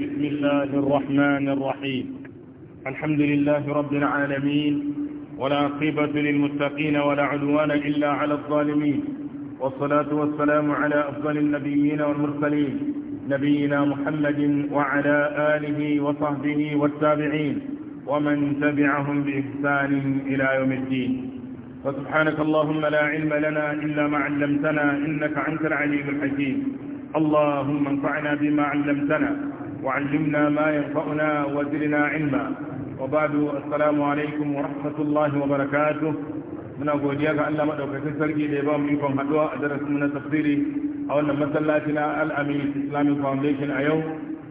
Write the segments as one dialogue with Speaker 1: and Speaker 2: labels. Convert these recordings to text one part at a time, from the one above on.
Speaker 1: بسم الله الرحمن الرحيم الحمد لله رب العالمين ولا عقبة للمتقين ولا عدوان إلا على الظالمين والصلاة والسلام على أفضل النبيين والمرسلين نبينا محمد وعلى آله وصحبه والتابعين ومن تبعهم بإحسان إلى يوم الدين فسبحانك اللهم لا علم لنا إلا ما علمتنا إنك أنت العليم الحكيم اللهم انفعنا بما علمتنا وعلمنا ما ينفعنا وزرنا علما وبعد السلام عليكم ورحمة الله وبركاته muna godiya ga Allah madaukakin sarki da ya ba mu ikon haduwa a darasin na tafsiri a wannan masallaci Al-Amin Islamic Foundation a yau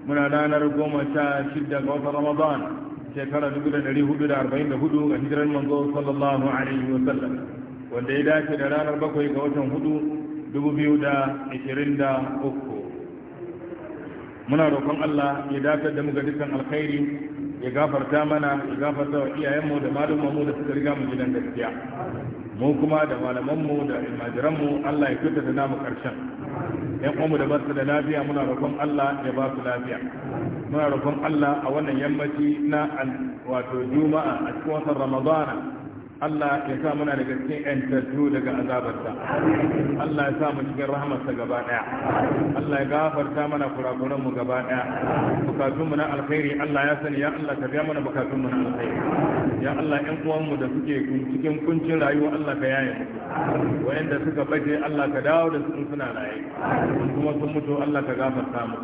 Speaker 1: muna ranar goma sha shida ga watan shekarar dubu dari hudu da arba'in da hudu a hijirar sallallahu alaihi wa sallam ya dace da ranar bakwai ga watan hudu 2023 muna roƙon Allah ya dakatar da mu ga dukkan alkhairi ya gafarta mana ya gafarta wa iyayenmu da malumanmu da suka riga mu gidan gaskiya mu kuma da malamanmu da imajiranmu Allah ya fita da namu ƙarshen yan uwanmu da basu da lafiya muna roƙon Allah ya ba su lafiya muna roƙon Allah a wannan yammaci na wato juma'a a cikin watan ramadana Allah ya sa muna daga cikin ‘yantattu daga azabarsa, Allah ya sa mu cikin rahamarsa gaba ɗaya, Allah ya gafarta mana mu gaba ɗaya, bukatunmu na alkhairi Allah ya sani ya Allah ka biya mana bukatunmu na alkhairi, ya Allah ‘yan uwanmu da suke cikin kuncin rayuwa Allah ka yaye mu, wa'yanda suka baje Allah ka dawo da su suna raye, kuma sun mutu Allah ka gafarta mu,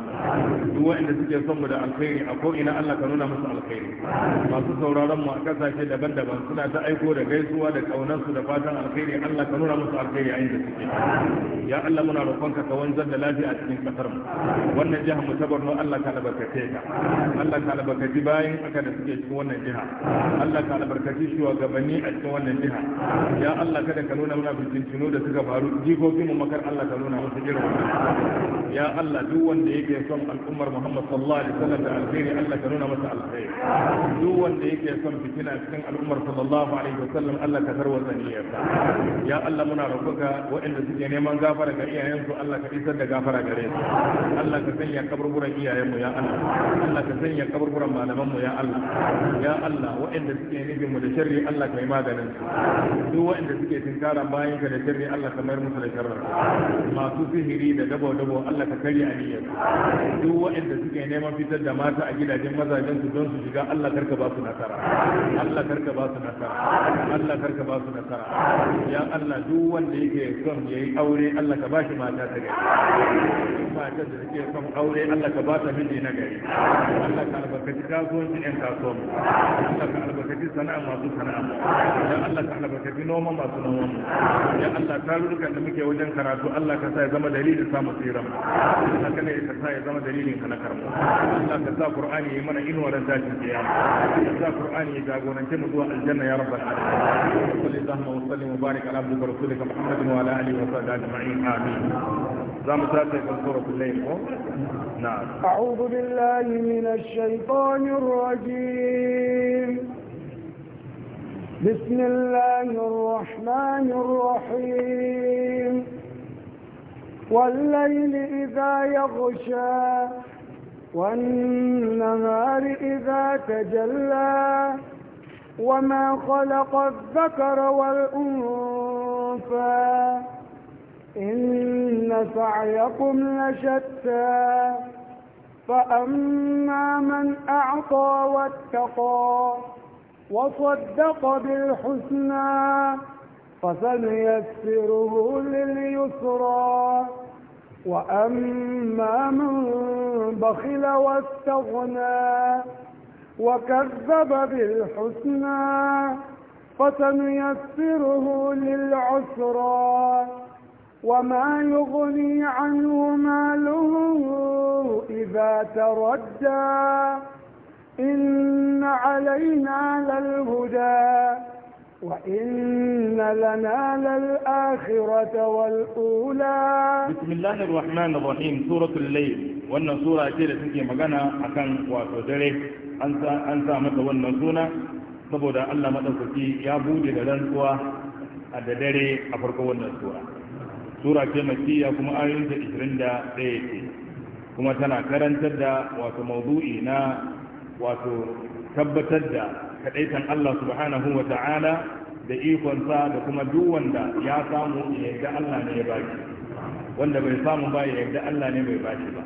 Speaker 1: duk wa'yanda suke son mu da alkhairi a ko'ina Allah ka nuna musu alkhairi, masu sauraron mu a ƙasashe daban-daban suna ta aiko da gaisuwa da kaunarsu da fatan alkhairi Allah ka nuna musu alkhairi a inda suke ya Allah muna roƙonka ka wanzar da lafiya a cikin kasar mu wannan jiha mu ta Borno Allah ta albarkace ka Allah ka albarkaci bayan aka da suke cikin wannan jiha Allah ka albarkaci shugabanni a cikin wannan jiha ya Allah kada ka nuna muna bincinu da suka faru jikokin mu makar Allah ka nuna musu irin ya Allah duk wanda yake son al'ummar Muhammad sallallahu alaihi wasallam da alkhairi Allah ka nuna masa alkhairi duk wanda yake son fitina cikin al'ummar sallallahu alaihi wasallam wasallam Allah ka tarwatsa niyyarsa ya Allah muna roƙonka waɗanda suke neman gafara ga iyayensu Allah ka isar da gafara gare su Allah ka sanya kaburburan iyayenmu ya Allah Allah ka sanya kaburburan malamanmu ya Allah ya Allah waɗanda suke nufin mu da sharri Allah ka yi maganin su duk waɗanda suke tinkara bayan ka da sharri Allah ka mayar musu da sharri masu sihiri da dabo dabo Allah ka karya aniyarsu duk waɗanda suke neman fitar da mata a gidajen mazajen su don su shiga Allah karka ba su nasara Allah karka ba su nasara Allah karka ba su nasara ya Allah duk wanda yake son ya yi aure Allah ka ba shi mata ta gari matan da take son aure Allah ka ba ta miji na gari Allah ka albarkaci kasuwanci ɗan kasuwan Allah ka albarkaci sana'a masu sana'a ya Allah ka albarkaci noma masu noma ya Allah tarurrukan da muke wajen karatu Allah ka sa ya zama dalilin samun tsira Allah ka ne ka sa ya zama dalilin ka na karɓa Allah ka sa Qur'ani ya yi mana inuwar da tashin kiyama ya sa Qur'ani ya jagorance mu zuwa aljanna ya rabbal alamin صلى اللهم وسلم وبارك على عبدك ورسولك محمد وعلى اله وصحبه اجمعين امين زام ساتي سورة الليل
Speaker 2: نعم أعوذ بالله من الشيطان الرجيم بسم الله الرحمن الرحيم والليل إذا يغشى والنهار إذا تجلى وما خلق الذكر والأنثى إن سعيكم لشتى فأما من أعطى واتقى وصدق بالحسنى فسنيسره لليسرى وأما من بخل واستغنى وكذب بالحسنى فسنيسره للعسرى وما يغني عنه ماله إذا تردى إن علينا للهدى وإن لنا للآخرة والأولى
Speaker 1: بسم الله الرحمن الرحيم سورة الليل وأن سورة كده تنتهي مجانا أكان وأتدري an sa masa wannan suna saboda Allah maɗaukaki ya bude da rantsuwa a da dare a farko wannan sura sura ce makiya kuma ayoyinta 21 ce kuma tana karantar da wato mawdu'i na wato tabbatar da kadaitan Allah subhanahu wa ta'ala da ikonsa da kuma duk wanda ya samu ya Allah ne ya baki wanda bai samu ba ya yarda Allah ne bai baki ba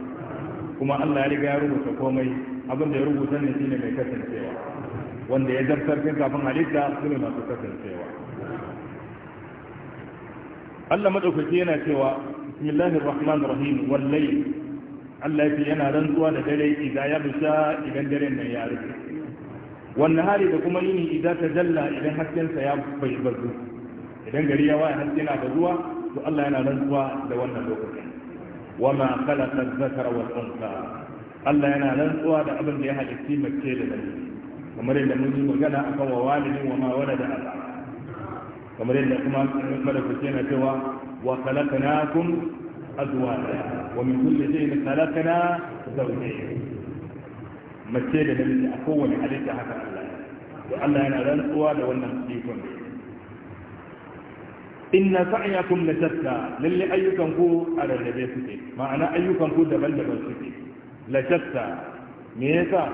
Speaker 1: kuma Allah ya riga ya rubuta komai abin da ya rubuta ne shine mai kasancewa wanda ya zartar kan kafin halitta su ne masu kasancewa Allah madaukaki yana cewa bismillahir rahmanir rahim wallahi Allah yake yana rantsuwa da dare idan ya bisha idan dare nan ya rufe wannan hali da kuma yini idan ta jalla idan haskensa ya bai bazu idan gari ya waye haske na bazuwa to Allah yana rantsuwa da wannan lokacin wama khalaqa adh-dhakara wal-untha Allah yana rantsuwa da abin da ya halitti mace da namiji kamar yadda mun yi magana akan wa walidin wa ma da Allah kamar yadda kuma madafuci yana cewa wa khalaqnakum azwaja wa min kulli shay'in khalaqna zaune mace da namiji a kowane halitta haka Allah to Allah yana rantsuwa da wannan ikon inna sa'yakum latatta lalle ayyukan ku a rarrabe suke ma'ana ayyukan ku daban-daban suke la me yasa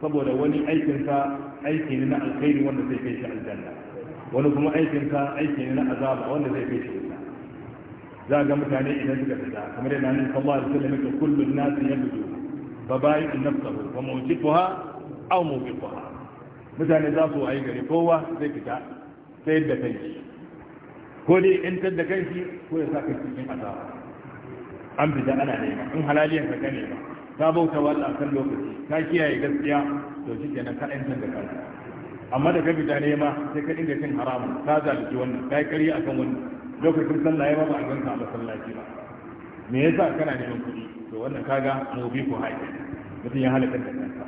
Speaker 1: saboda wani aikin sa aiki ne na alkhairi wanda zai kai shi aljanna wani kuma aikin sa aiki ne na azaba wanda zai kai shi wuta za ga mutane idan suka fita kamar yana nan sallallahu alaihi wasallam ya kullu nasi yabdu fa bai'u nafsahu wa mawjibuha aw mawjibuha mutane za su ayi gari kowa zai fita sai da kai ko dai in tadda kanshi ko ya saka cikin azaba an fita ana nema in halaliyan ka ne ba ka bauta wa Allah kan lokaci ka kiyaye gaskiya to shi kenan ka ɗan da kanka amma da ka fita nema sai ka dinga cin haramun ka zalunci wannan ka yi ƙarya akan wannan lokacin sallah ya ba ba a ganka a masallaci ba me yasa kana neman kuɗi to wannan kaga mu bi ku haƙi mutum ya halaka da kansa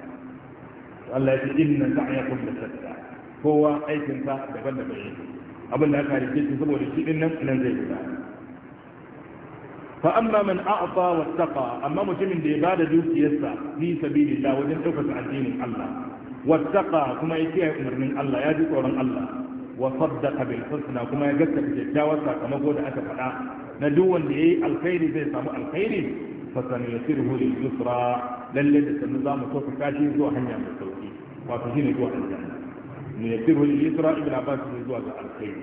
Speaker 1: Allah ya ce inna sa'yakum lasatta kowa aikinsa daban-daban yake abin da aka rike shi saboda shi din nan nan zai gudana. fa amma man a'ta wattaqa amma mutumin da ya bada dukiyarsa fi sabilillah wajen ɗaukaka addinin Allah wattaqa kuma ya kiyaye umarnin Allah ya ji tsoron Allah wa saddaqa bil husna kuma ya gaskata kyakkyawar sakamako da aka faɗa na duk wanda yayi alkhairi zai samu alkhairi fa sanayasiruhu lil yusra lalle da sanu za mu tofa kashi zuwa hanya mai sauki wato shine zuwa aljanna ne yasiruhu lil yusra ibn abbas zuwa ga alkhairi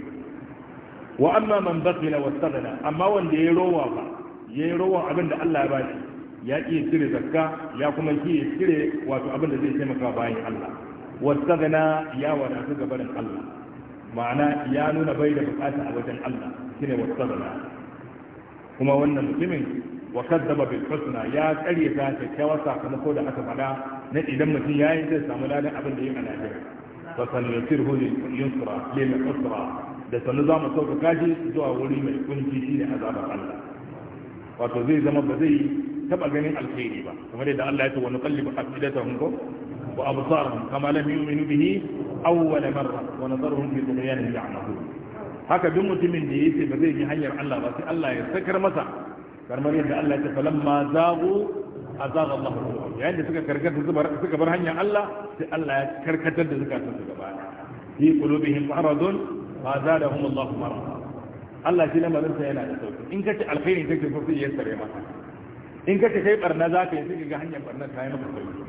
Speaker 1: wa amma man bakhila wastaghna amma wanda yayi rowa ba ya yi rowan abin da Allah ya ba shi ya iya cire zakka ya kuma iya cire wato abin da zai taimaka bayan Allah wastagana ya wadatu ga barin Allah ma'ana ya nuna bai da bukata a wajen Allah shine wastagana kuma wannan mutumin wa kazzaba bil husna ya kare ta kuma sakamako da aka fada na idan mutum yayi zai samu ladan abin da yake a Najeriya lil yusra da sanu za mu sauka kaji zuwa wuri mai kunci shine azabar Allah wato zai zama ba zai taba ganin alkhairi ba kamar yadda Allah ya ce wa nuqallibu afidatahum ko wa absarahum kama lam yu'minu bihi awwal marra wa nadharuhum fi tughyanihim ya'mahun haka duk mutumin da yace ba zai yi hanyar Allah ba sai Allah ya sakar masa kamar yadda Allah ya ce falamma zaghu azagha Allah yayin da suka karkata suka bar hanyar Allah sai Allah ya karkatar da zakatun su gaba fi qulubihim maradun ma zadahum Allah marra Allah shi lamarinsa yana da sauki in ka ci alkhairi kake so sai ya sare maka in ka ci kai barna za ka yi sai ga hanyar barna ta yi maka sauki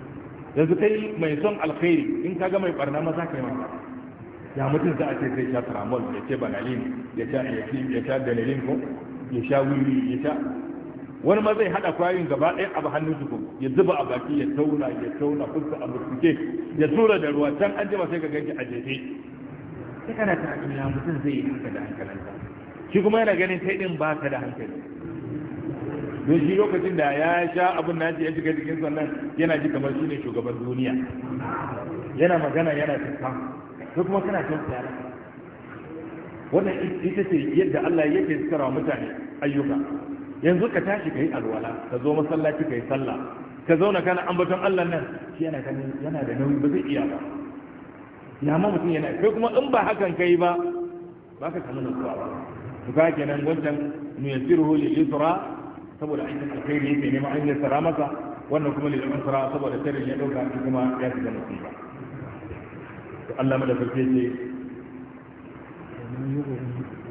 Speaker 1: yanzu kai mai son alkhairi in ka ga mai barna ma za ka yi maka ya mutum za a ce zai sha tramol ya ce banalin ya sha ya sha dalilin ko ya sha wuri ya sha wani ma zai hada kwayoyin gaba ɗaya a hannun su ya zuba a baki ya tauna ya tauna fuska a burkuke ya tura da ruwa can an jima sai ka ganki a jefe sai kana ta duniya mutum zai yi hankali da hankalinka shi kuma yana ganin kai din ba ka da hankali don shi lokacin da ya sha abin na ya shiga jikin sannan yana ji kamar shi ne shugaban duniya yana magana yana tafa sai kuma kana tausaya wannan ita ce yadda Allah yake tsara wa mutane ayyuka yanzu ka tashi kai alwala ka zo masallaci kai sallah ka zauna kana ambaton Allah nan shi yana ganin yana da nauyi ba zai iya ba ya ma mutum yana kai kuma in ba hakan kai ba ba ka samu nutsuwa ba to ka kenan wancan ya lil yusra saboda kai ne ne nema ya yassara masa wannan kuma lil tura saboda sharri ya dauka shi kuma ya shiga musiba to Allah farke ce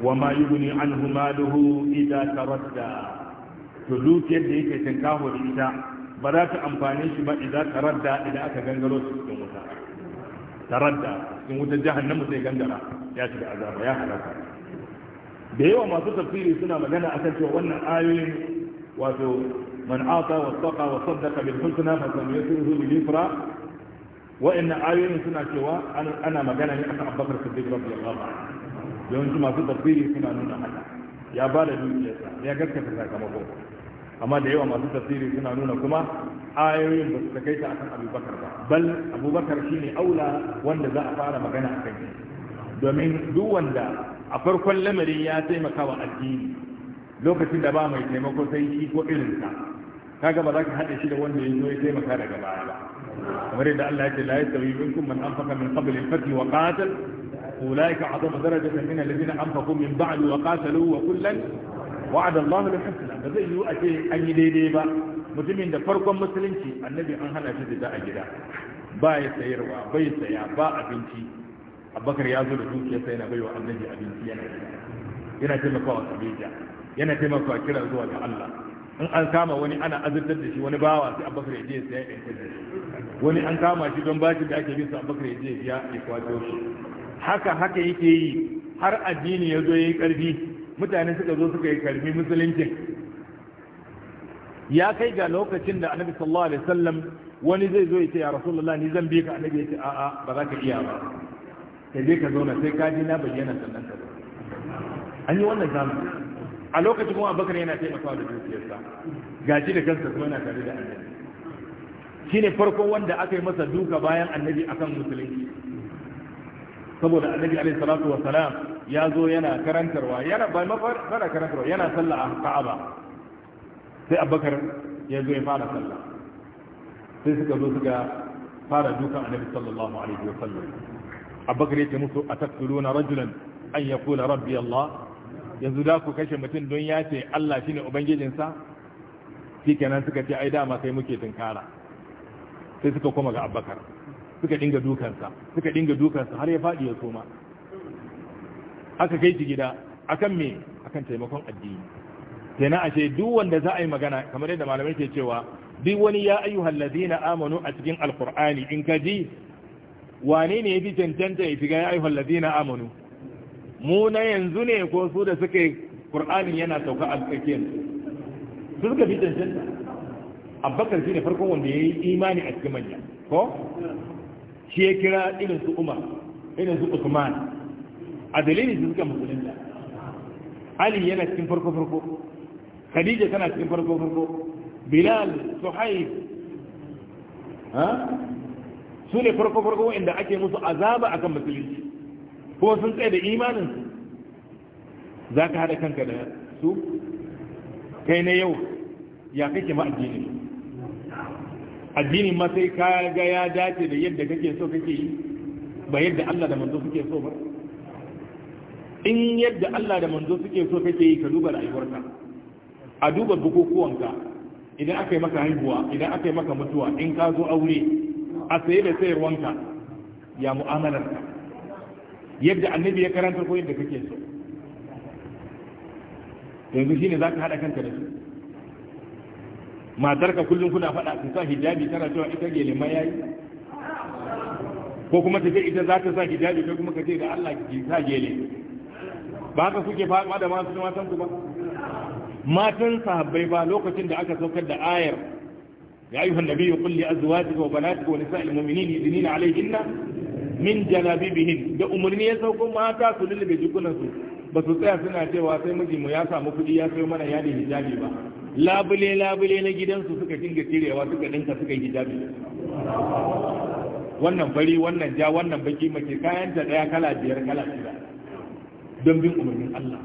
Speaker 1: wa ma yughni anhu maluhu idza taradda to dukiyar da yake tinkaho da ita ba za ta amfane shi ba idan taradda idan aka gangaro su cikin wuta taradda cikin wutar mu sai gangara ya shiga azaba ya halaka da yawa masu tafsiri suna magana akan cewa wannan ayoyin wato man ata saqa wa saddaqa bil husna fa yusuhu bil yusra wa inna ayoyin suna cewa ana magana ne akan Abubakar Siddiq radiyallahu anhu yawanci masu tafsiri suna nuna haka ya ba da dukiyarsa ya gaskata sakamako amma da yawa masu tafsiri suna nuna kuma ayoyin ba su ta akan abubakar ba bal abubakar shine aula wanda za a fara magana a shi domin duk wanda a farkon lamarin ya taimaka wa addini lokacin da ba mai taimako sai shi ko irinsa kaga ba za ka haɗe shi da wanda ya zo ya taimaka daga baya ba kamar yadda Allah ya ce la yastawi minkum man anfaqa min qabl al-fath wa qatal ulaika a'zamu darajatan min alladhina anfaqu min ba'd wa qatalu wa kullan wa'ada Allahu bil husna da zai yiwu a ce an yi daidai ba mutumin da farkon musulunci annabi an hana shi da a gida ba ya sayarwa bai saya ba abinci abubakar ya zo da dukiyarsa yana baiwa annabi abinci yana yana taimakawa sabija yana taimakawa kira zuwa ga Allah in an kama wani ana azurtar da shi wani bawa sai abubakar ya je ya saya ɗan da wani an kama shi don bashi da ake bisa abubakar ya je ya ya kwato shi haka haka yake yi har addini ya zo ya yi ƙarfi mutane suka zo suka yi ƙarfi musulunci, ya kai ga lokacin da annabi sallallahu alaihi wasallam wani zai zo ya ce ya rasulullah ni zan bi ka annabi ya ce a'a ba za ka iya ba ka je ka zauna sai ka ji na bayyana sannan ka an yi wannan zamani a lokacin kuma abubakar yana taimakawa da dukiyarsa gaji da kansa kuma yana tare da annabi shine farko wanda aka yi masa duka bayan annabi akan musulunci saboda annabi alaihi salatu wa salam ya zo yana karantarwa yana ba mafara karantarwa yana sallah a ka'aba sai abakar ya zo ya fara sallah sai suka zo suka fara dukan annabi sallallahu alaihi wa sallam abubakar yake musu a tattaluna rajulan an ya kula rabbi Allah yanzu da ku kashe mutum don ya ce Allah ne ubangijinsa shi kenan suka ce ai dama sai muke tunkara sai suka koma ga abubakar suka dinga dukansa suka dinga dukansa har ya faɗi ya soma aka kai shi gida akan me akan taimakon addini kenan ashe duk wanda za a yi magana kamar yadda malamai ke cewa duk wani ya ayyuhal ladina amanu a cikin alqur'ani in ka ji wane ne yafi cancanta ya fi ya ayyuhal amanu mu na yanzu ne ko su da suke qur'anin yana sauka a su suka fi cancanta abubakar shine farkon wanda yayi imani a cikin manya ko shi ya kira irin su umar irin su usman a dalilin su suka musulunta ali yana cikin farko farko khadija tana cikin farko farko bilal suhaib ha su ne farko farko inda ake musu azaba a kan musulunci ko sun tsaye da imanin su za ka haɗa kanka da su kai na yau ya kake ma addini addinin ma sai ka ga ya dace da yadda kake so kake yi ba yadda Allah da manzo suke so ba in yadda Allah da manzo suke so kake yi ka duba rayuwarka a duba bukukuwanka idan aka yi maka haihuwa idan aka yi maka mutuwa in ka zo aure a saye da sayarwanka ya mu'amalar ka. yadda annabi ya karanta ko yadda kake so yanzu shine za ka haɗa kanka da su matarka kullum kuna faɗa ta sa hijabi tana cewa ita lima ya yi ko kuma ta ce ita za ta sa hijabi ko kuma ka ce da Allah ki sa gele ba haka suke faɗa da masu matan ku ba matan sahabbai ba lokacin da aka saukar da ayar يا أيها النبي قل لأزواجك وبناتك ونساء المؤمنين يدنين عليهن من jalabibihin da umarni ya sauko mata للي بيجوكنا jikunansu بس su سنة suna cewa sai mijinmu ya samu kuɗi ya sayo mana yadin hijabi ba labule labule na gidansu suka تيري cirewa suka dinka suka wannan fari wannan ja wannan baki mace kayan ta daya kala biyar kala shida don bin umarnin Allah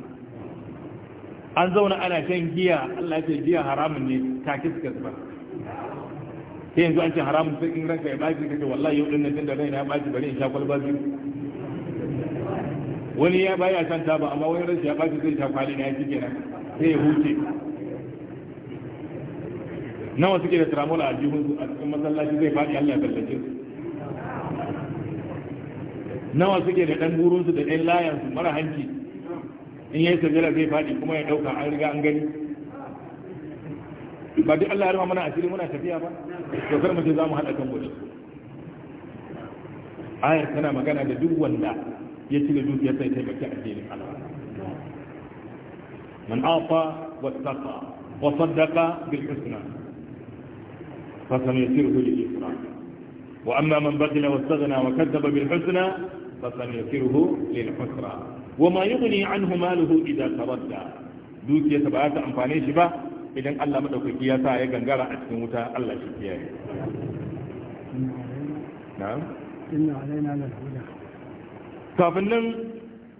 Speaker 1: an zauna ana shan giya Allah ya ce giya haramun ne take suka zuba sai yanzu an ce haramun sai in ranka ya baki kace wallahi yau dinnan tunda raina ya baki bari in sha kwalba biyu wani ya baya san taba amma wani rashi ya baki zai sha kwali na shi kenan sai ya huce nawa suke da tramol a jihun su a cikin masallaci zai faɗi Allah ya tallace su nawa suke da dan burun su da dan layan su mara hanci in yayi sajada zai faɗi kuma ya dauka an riga an gani ba duk Allah ya ruwa mana asiri muna tafiya ba to kar mu ce za mu hada kan gobe ayar tana magana da duk wanda ya cire dukiyar sai taimaki addinin Allah man afa wattaqa wa saddaqa bil husna fa sanaysiruhu lil yusra wa amma man baghila wastaghna wa kadzaba bil husna fa sanaysiruhu lil husra وما يغني عنه ماله إذا تردى دوكي سبعات أنفاني شبا idan Allah madaukaki ya sa ya gangara a cikin wuta Allah shi kiyaye
Speaker 3: na'am
Speaker 1: kafin nan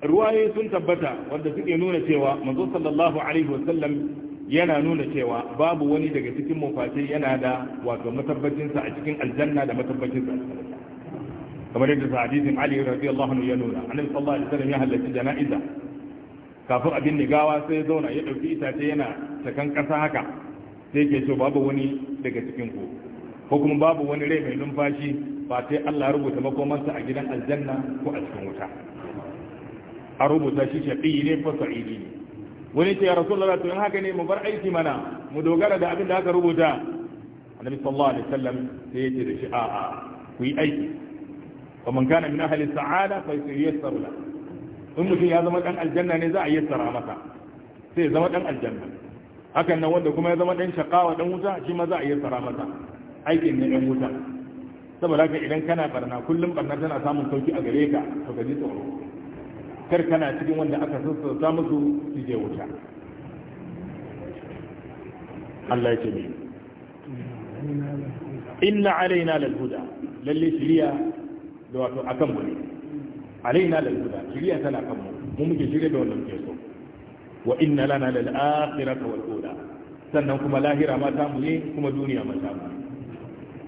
Speaker 1: ruwaye sun tabbata wanda suke nuna cewa manzo sallallahu alaihi wasallam yana nuna cewa babu wani daga cikin mafati yana da wato matabbacinsa a cikin aljanna da matabbacinsa a cikin kamar yadda sa hadisin Ali radiyallahu anhu ya nuna annabi sallallahu alaihi wasallam ya halarci jana'iza kafin abin da gawa sai zauna ya ɗauki itace yana takan ƙasa haka sai ke so babu wani daga cikin ku ko kuma babu wani rai mai numfashi ba sai Allah rubuta makomansa a gidan aljanna ko a cikin wuta a rubuta shi shaƙi ne ko sa'idi ne wani ce ya rasulullah to in haka ne mu bar aiki mana mu dogara da abin da aka rubuta annabi sallallahu alaihi wasallam sai ya ce da shi a'a ku yi aiki wa man kana min ahli sa'ada fa yasyaru lahu in mutum ya zama dan aljanna ne za a yassara masa sai ya zama dan aljanna hakan nan wanda kuma ya zama dan shaqawa dan wuta shi ma za a yassara masa aikin ne dan wuta saboda haka idan kana barna kullum barna tana samun sauki a gare ka to ka ji tsoro kar kana cikin wanda aka sassauta musu su je wuta Allah ya ce mai inna alaina lal huda lalle shiriya da wato akan mu ne alaina lal huda shiriya tana kan mu mu muke shirye da wannan ke so wa inna lana lal akhirata wal ula sannan kuma lahira ma ta ne kuma duniya ma ta mu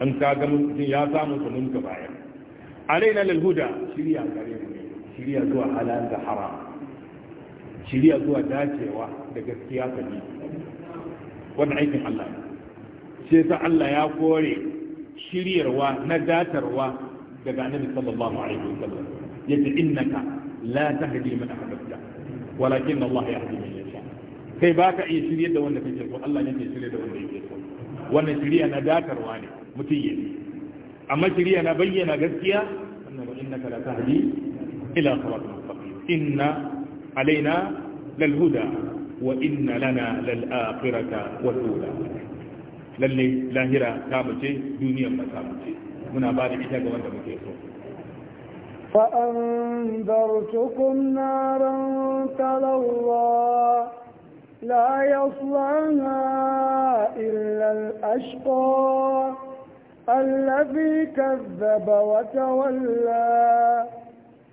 Speaker 1: an ka ga mun ya samu ta mun ka baya alaina lal huda shiriya gare mu ne zuwa halal da haram zuwa dacewa da gaskiya ta Allah sai ta Allah ya kore shiryarwa na datarwa daga yace innaka la tahdi man ahbabta walakin Allah yahdi man yasha kai baka iya shirye da wanda kake so Allah ne ke shirye da wanda yake so wannan shiriya na dakarwa ne mutum yayi amma shiriya na bayyana gaskiya annabi innaka la tahdi ila siratal mustaqim inna alaina lal huda wa inna lana lal akhirata wal ula lalle lahira ta mace duniyar ma ta mace muna ba da ita ga wanda muke so
Speaker 2: فأنذرتكم نارا تلوى لا يصلها إلا الأشقى الذي كذب وتولى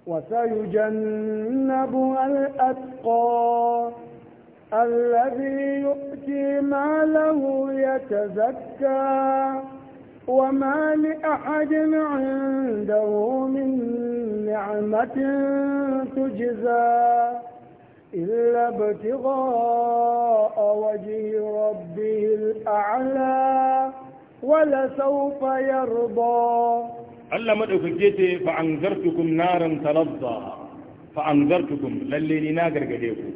Speaker 2: وسيجنبها الأتقى الذي يؤتي ماله يتزكى وما لأحد عنده من نعمة تجزى إلا ابتغاء وجه ربه الأعلى ولسوف يرضى
Speaker 1: ألا ما تفجيت فأنذرتكم نارا تلظى فأنذرتكم للي ناقر قديكم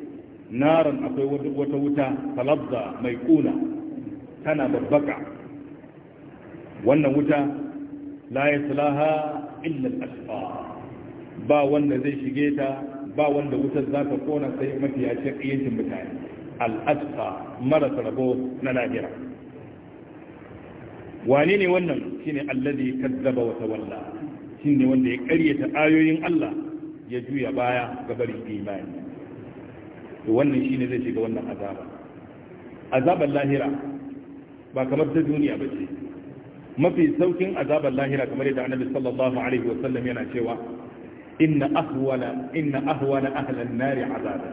Speaker 1: نارا أقوى وتوتى تلظى ميكونة تنا بالبقع wannan wuta la yaslaha illa al ba wanda zai shige ta ba wanda wutar za ta kona sai mafi a cikin mutane al-ashqa mara rabo na lahira wane ne wannan shine allazi kazzaba wa tawalla shine wanda ya ta ayoyin Allah ya juya baya ga barin imani to wannan shine zai shiga wannan azaba Azaban lahira ba kamar ta duniya ba ce mafi saukin azabar lahira kamar yadda annabi sallallahu alaihi wa sallam yana cewa inna ahwala inna ahwala ahlan nari azaba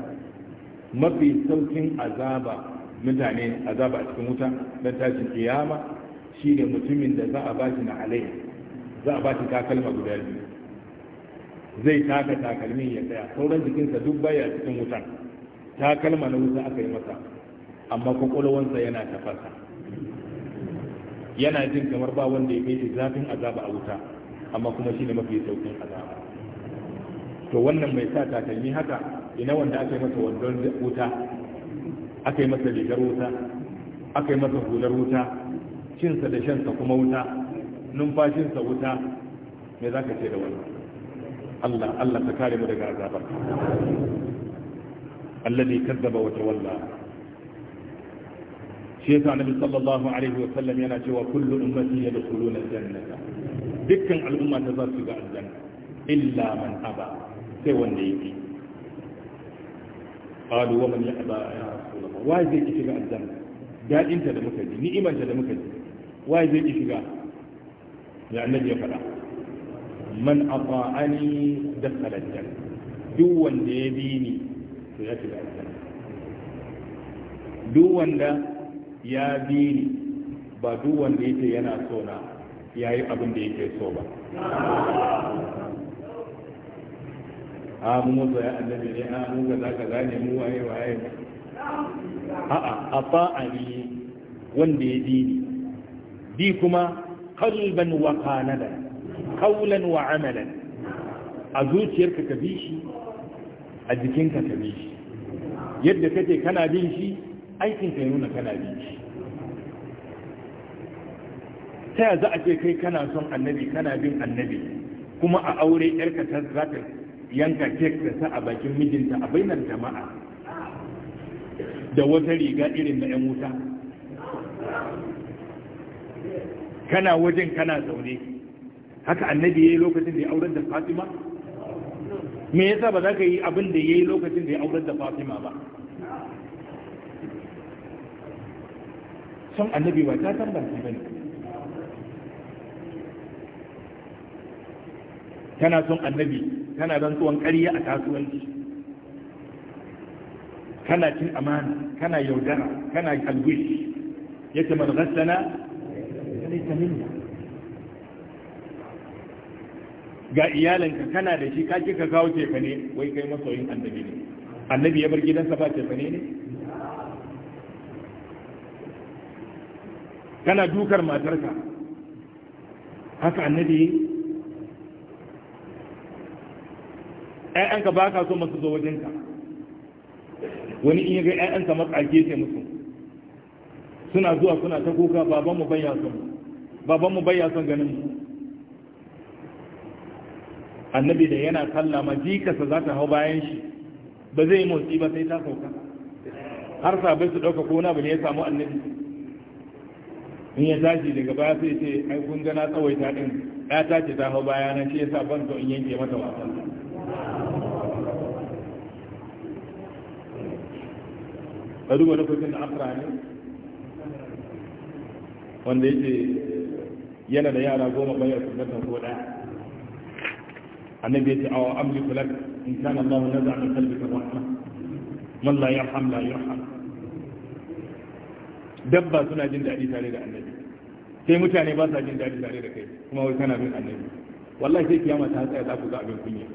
Speaker 1: mafi saukin azaba mutane azaba a cikin wuta dan tashin kiyama shine mutumin da za a bashi na alai za a bashi takalma guda biyu zai taka takalmin ya tsaya sauran jikinsa duk baya a cikin wutan takalma na wuta aka yi masa amma kwakwalwansa yana tafasa yana jin kamar ba wanda ya kai shi zafin azaba a wuta amma kuma shine mafi saukin azaba to wannan mai sa takalmi haka ina wanda aka yi masa wandon wuta aka yi masa rigar wuta aka yi masa hular wuta cinsa da shansa kuma wuta numfashinsa wuta me za ka ce da wannan Allah Allah ta kare mu daga azabar alladhi kazzaba wata walla. shi yasa annabi sallallahu alaihi wa sallam yana cewa kullu ummati yadkhuluna al-jannata dukkan al'umma ta za su ga aljanna illa man aba sai wanda yake qalu wa man yaba ya rasulullah wai zai ki shiga aljanna dadin ta da muka ji ni'imar ta da muka ji wai zai ki shiga ya annabi ya faɗa man ata'ani dakhala aljanna duk wanda ya bi ni to ya shiga aljanna duk wanda ya bi ni ba duk wanda yake yana so na ya yi abin da yake so ba a mu ya annabi ne a mu ga zaka gane mu waye waye a'a a fa'ani wanda ya bi ni bi kuma qalban wa qanadan qawlan wa amalan a zuciyarka ka bi shi a jikinka ka bi shi yadda kake kana bin shi aikin ta nuna kana bi shi ta ya za a ce kai kana son annabi kana bin annabi kuma a aure yarka ta za ta yanka kek da sa a bakin mijinta a bainar jama'a da wata riga irin na 'yan wuta kana wajen kana zaune haka annabi ya yi lokacin da ya auren da fatima me yasa ba za ka yi abin da ya yi lokacin da ya auren da fatima ba son annabi ba ta san baki bane tana son annabi tana rantsuwan ƙarya a kasuwanci kana cin amana kana yaudara kana kalbi yace man ghassana laysa minna ga iyalinka kana da shi ka kika kawo ne wai kai masoyin annabi ne annabi ya bar gidansa ba cefane ne kana dukar matarka haka annabi ƴaƴanka ba ka so masu zo wajenka wani in ga ‘ya'yanka matsage sai musu suna zuwa suna ta kuka babanmu bayya son babanmu bayya son ganin mu annabi da yana sallah ma jikarsa za ta hau bayan shi ba zai yi motsi ba sai ta sauka har sabai su ɗauka ko na ba ne ya samu annabi in ya tashi daga baya sai ce ai kun ga na tsawaita din ya tashi ta hau baya na shi yasa ban in yanke mata wasan ka duba lokacin da afra ne wanda yake yana da yara goma bayar sunnatan ko ɗaya annabi ya ce awa amliku lak in kana Allah naza'a min qalbika rahma man la yarham la yarham dabba suna jin daɗi tare da annabi sai mutane ba sa jin daɗi tare da kai kuma wai kana bin annabi wallahi sai kiyama ta tsaya za ku ga abin kunya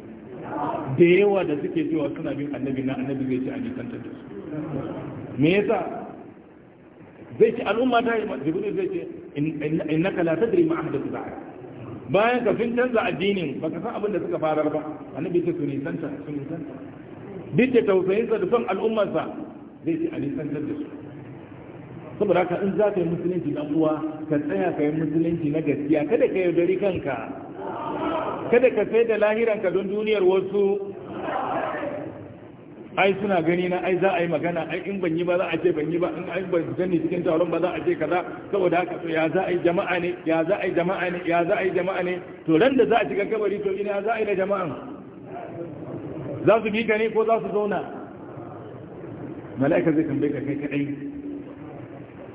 Speaker 1: da yawa da suke cewa suna bin annabi na annabi zai ci a nisantar da su me yasa zai ci al'umma ta yi jibril zai ce innaka la tadri ma ahdathu ba'd bayan ka fin canza addinin baka san abin da suka farar ba annabi ce su nisanta su nisanta duk da tausayin sa da son al'ummarsa zai ci a nisantar da su saboda haka in za ka yi musulunci na uwa ka tsaya ka yi musulunci na gaskiya kada ka yaudari kanka kada ka sai da lahiranka don duniyar wasu ai suna gani na ai za a yi magana ai in ban yi ba za a ce ban yi ba in ai ban gani cikin taron ba za a ce kaza saboda haka to ya za a yi jama'a ne ya za a yi jama'a ne ya za a yi jama'a ne to ran da za a shiga kabari to ina za a yi da jama'an za su bi ka ne ko za su zauna mala'ika zai tambaye ka kai kadai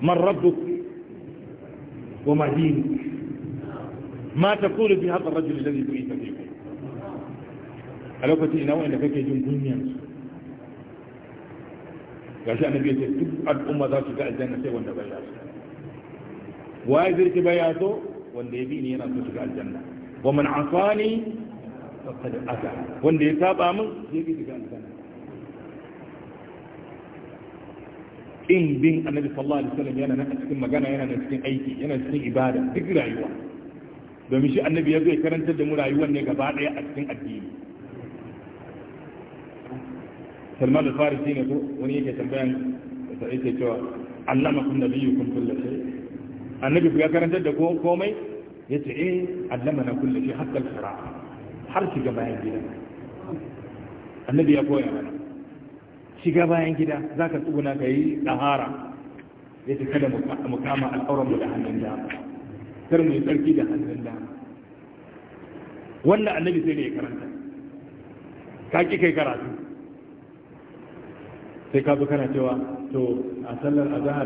Speaker 1: من ربك وما دينك ما تقول في هذا الرجل الذي بئت فيه a lokacin ina wanda kake jin kunyansu gashi annabi ya ce duk al'umma za su ga aljanna sai wanda bai yaso waye zirki bai yaso wanda ya bi ni yana so shiga aljanna wa man asani faqad ata wanda ya saba min zai bi shiga aljanna in bin annabi sallallahu alaihi wasallam yana nan cikin magana yana nan cikin aiki yana cikin ibada duk rayuwa domin shi annabi ya zai karantar da mu rayuwar ne gaba daya a cikin addini salman al-farisi ne ko wani yake tambayan da yake cewa allama kun nabiyyukum kullu shay annabi ya karantar da ko komai yace eh allama na kullu shay hatta al-qira'a har shiga gida annabi ya koya mana shiga bayan gida za ka tsuguna ka yi ɗahara ya ce kada mu kama al'auranmu da hannun dama kar mu yi tsarki da hannun dama wannan annabi sai ne ya karanta ka ki kai karatu sai ka zo kana cewa to a sallar azhar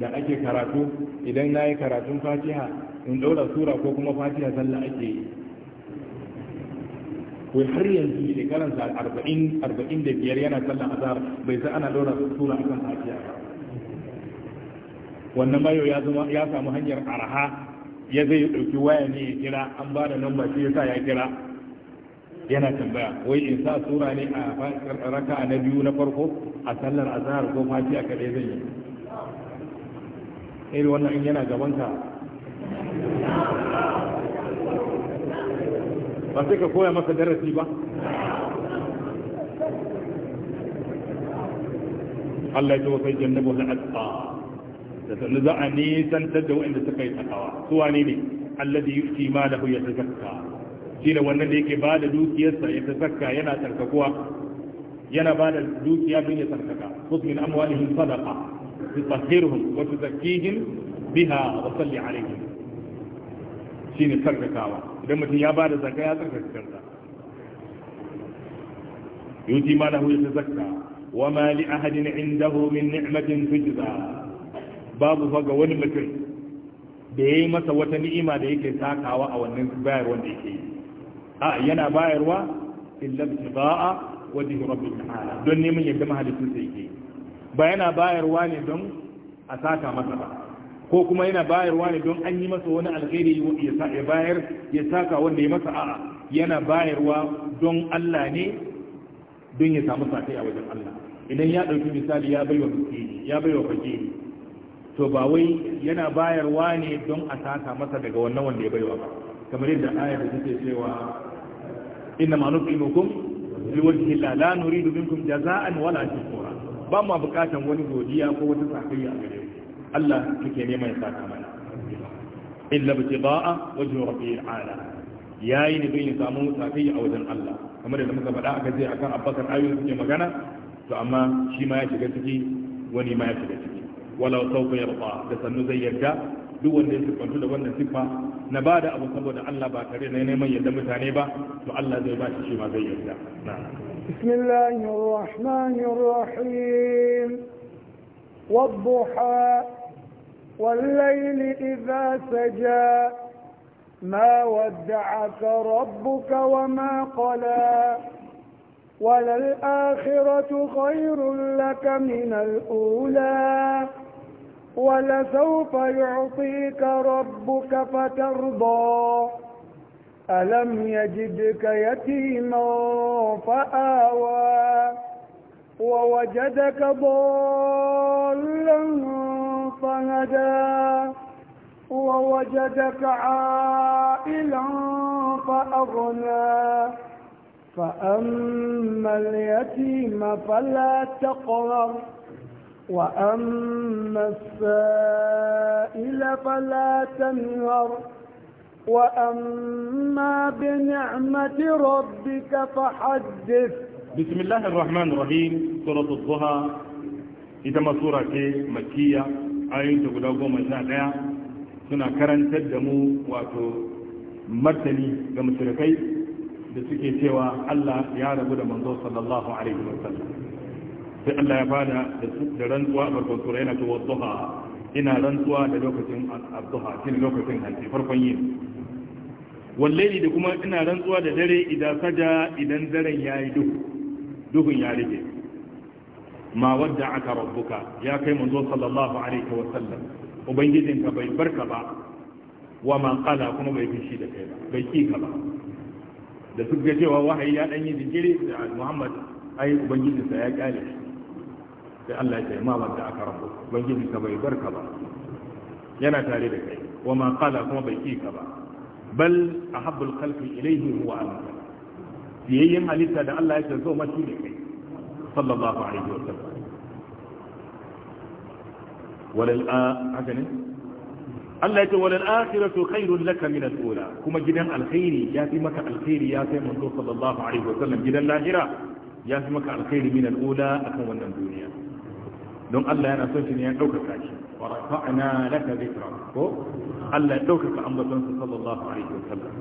Speaker 1: da ake karatu idan na yi karatun fatiha in ɗaura sura ko kuma fatiha sallah ake yi wai har yanzu shekaran sa arba'in arba'in da biyar yana sallan azhar bai sa ana dora sura akan fatiha ba wannan mayo ya zama ya samu hanyar araha ya zai ɗauki waya ne ya kira an ba da namba shi yasa ya kira yana tambaya wai in sa sura ne a raka na biyu na farko a sallar azhar ko fatiha kadai zan yi irin wannan in yana gaban ka ba sai ka koya masa darasi ba Allah ya wasai jannabu na atqa da sannu za a nisantar da waɗanda suka yi takawa su wane ne alladhi yu'ti malahu yatazakka shine wannan da yake bada dukiyarsa ya tazakka yana tsarkakuwa yana bada dukiya don ya tsarkaka khudh amwalihim sadaqa tutahhiruhum wa tuzakkihim biha wa salli alaihim shine tsarkakawa idan mutum ya bada zaka ya tsarkake kansa yuti ma lahu zakka. wa ma li ahadin indahu min ni'matin tujza babu fa ga wani mutum da yayi masa wata ni'ima da yake takawa a wannan bayar wanda yake yi a yana bayarwa illa ibtida'a wajhi rabbil ta'ala don neman yadda mahalicin sa yake ba yana bayarwa ne don a saka masa ba ko kuma yana bayarwa ne don an yi masa wani alheri ya bayar ya saka wanda ya masa a'a yana bayarwa don Allah ne don ya samu sakai a wajen Allah idan ya ɗauki misali ya baiwa miskini ya baiwa fakiri to ba wai yana bayarwa ne don a saka masa daga wannan wanda ya baiwa ba kamar yadda ayar da take cewa inna ma nuqimukum liwajhi la la nuridu minkum jaza'an wala shukura ba mu bukatan wani godiya ko wata sakayya a gare ku Allah kake nema ya saka mana illa bitiba'a wajhu rabbil ala yayi ne bai samu sakai a wajen Allah kamar da muka faɗa aka je akan abbakar ayoyin suke magana to amma shi ma ya shiga ciki wani ma ya shiga ciki walau sawfa yarda da sannu zai yarda duk wanda ya siffantu da wannan siffa na ba da abu saboda Allah ba tare da neman yarda mutane ba to Allah zai ba shi shi ma zai yarda na'am
Speaker 2: بسم الله الرحمن الرحيم والضحى والليل إذا سجى ما ودعك ربك وما قلى وللآخرة خير لك من الأولى ولسوف يعطيك ربك فترضى ألم يجدك يتيما فآوى ووجدك ضالا فهدى ووجدك عائلا فأغنى فأما اليتيم فلا تقرر وأما السائل فلا تنهر وأما بنعمة ربك فحدث
Speaker 1: بسم الله الرحمن الرحيم سورة الضحى إذا ما سورة مكية ayoyinta guda goma sha ɗaya suna karantar da mu wato martani ga mushrikai da suke cewa Allah ya rabu da manzo sallallahu alaihi wa sallam sai Allah ya bada da rantsuwa a farkon sura yana cewa duha ina rantsuwa da lokacin duha cikin lokacin hanci farkon yin wallahi da kuma ina rantsuwa da dare idan saja idan daren yayi duhu duhun ya rige ma wadda aka rabbuka ya kai manzo sallallahu alaihi wa sallam ka bai barka ba wa ma qala kuma bai fishi da kai ba bai ki ka ba da duk ga cewa wahayi ya dan yi jinkiri da Muhammad ai sa ya kyale shi sai Allah ya ce ma wadda aka rabbuka ubangijinka bai barka ba yana tare da kai wa ma qala kuma bai ki ka ba bal ahabbul khalqi ilayhi huwa anta yayyin halitta da Allah ya ce zo ma shi ne kai sallallahu alaihi wa sallam walal a haka ne Allah ya ce walal akhiratu khairun laka min al-ula kuma gidan alkhairi ya fi maka alkhairi ya kai manzo sallallahu alaihi wa sallam gidan lahira ya fi don Allah yana son shi ne ya ɗaukaka shi wa rafa'na laka dhikra ko Allah ya ɗaukaka ambaton sa sallallahu alaihi wa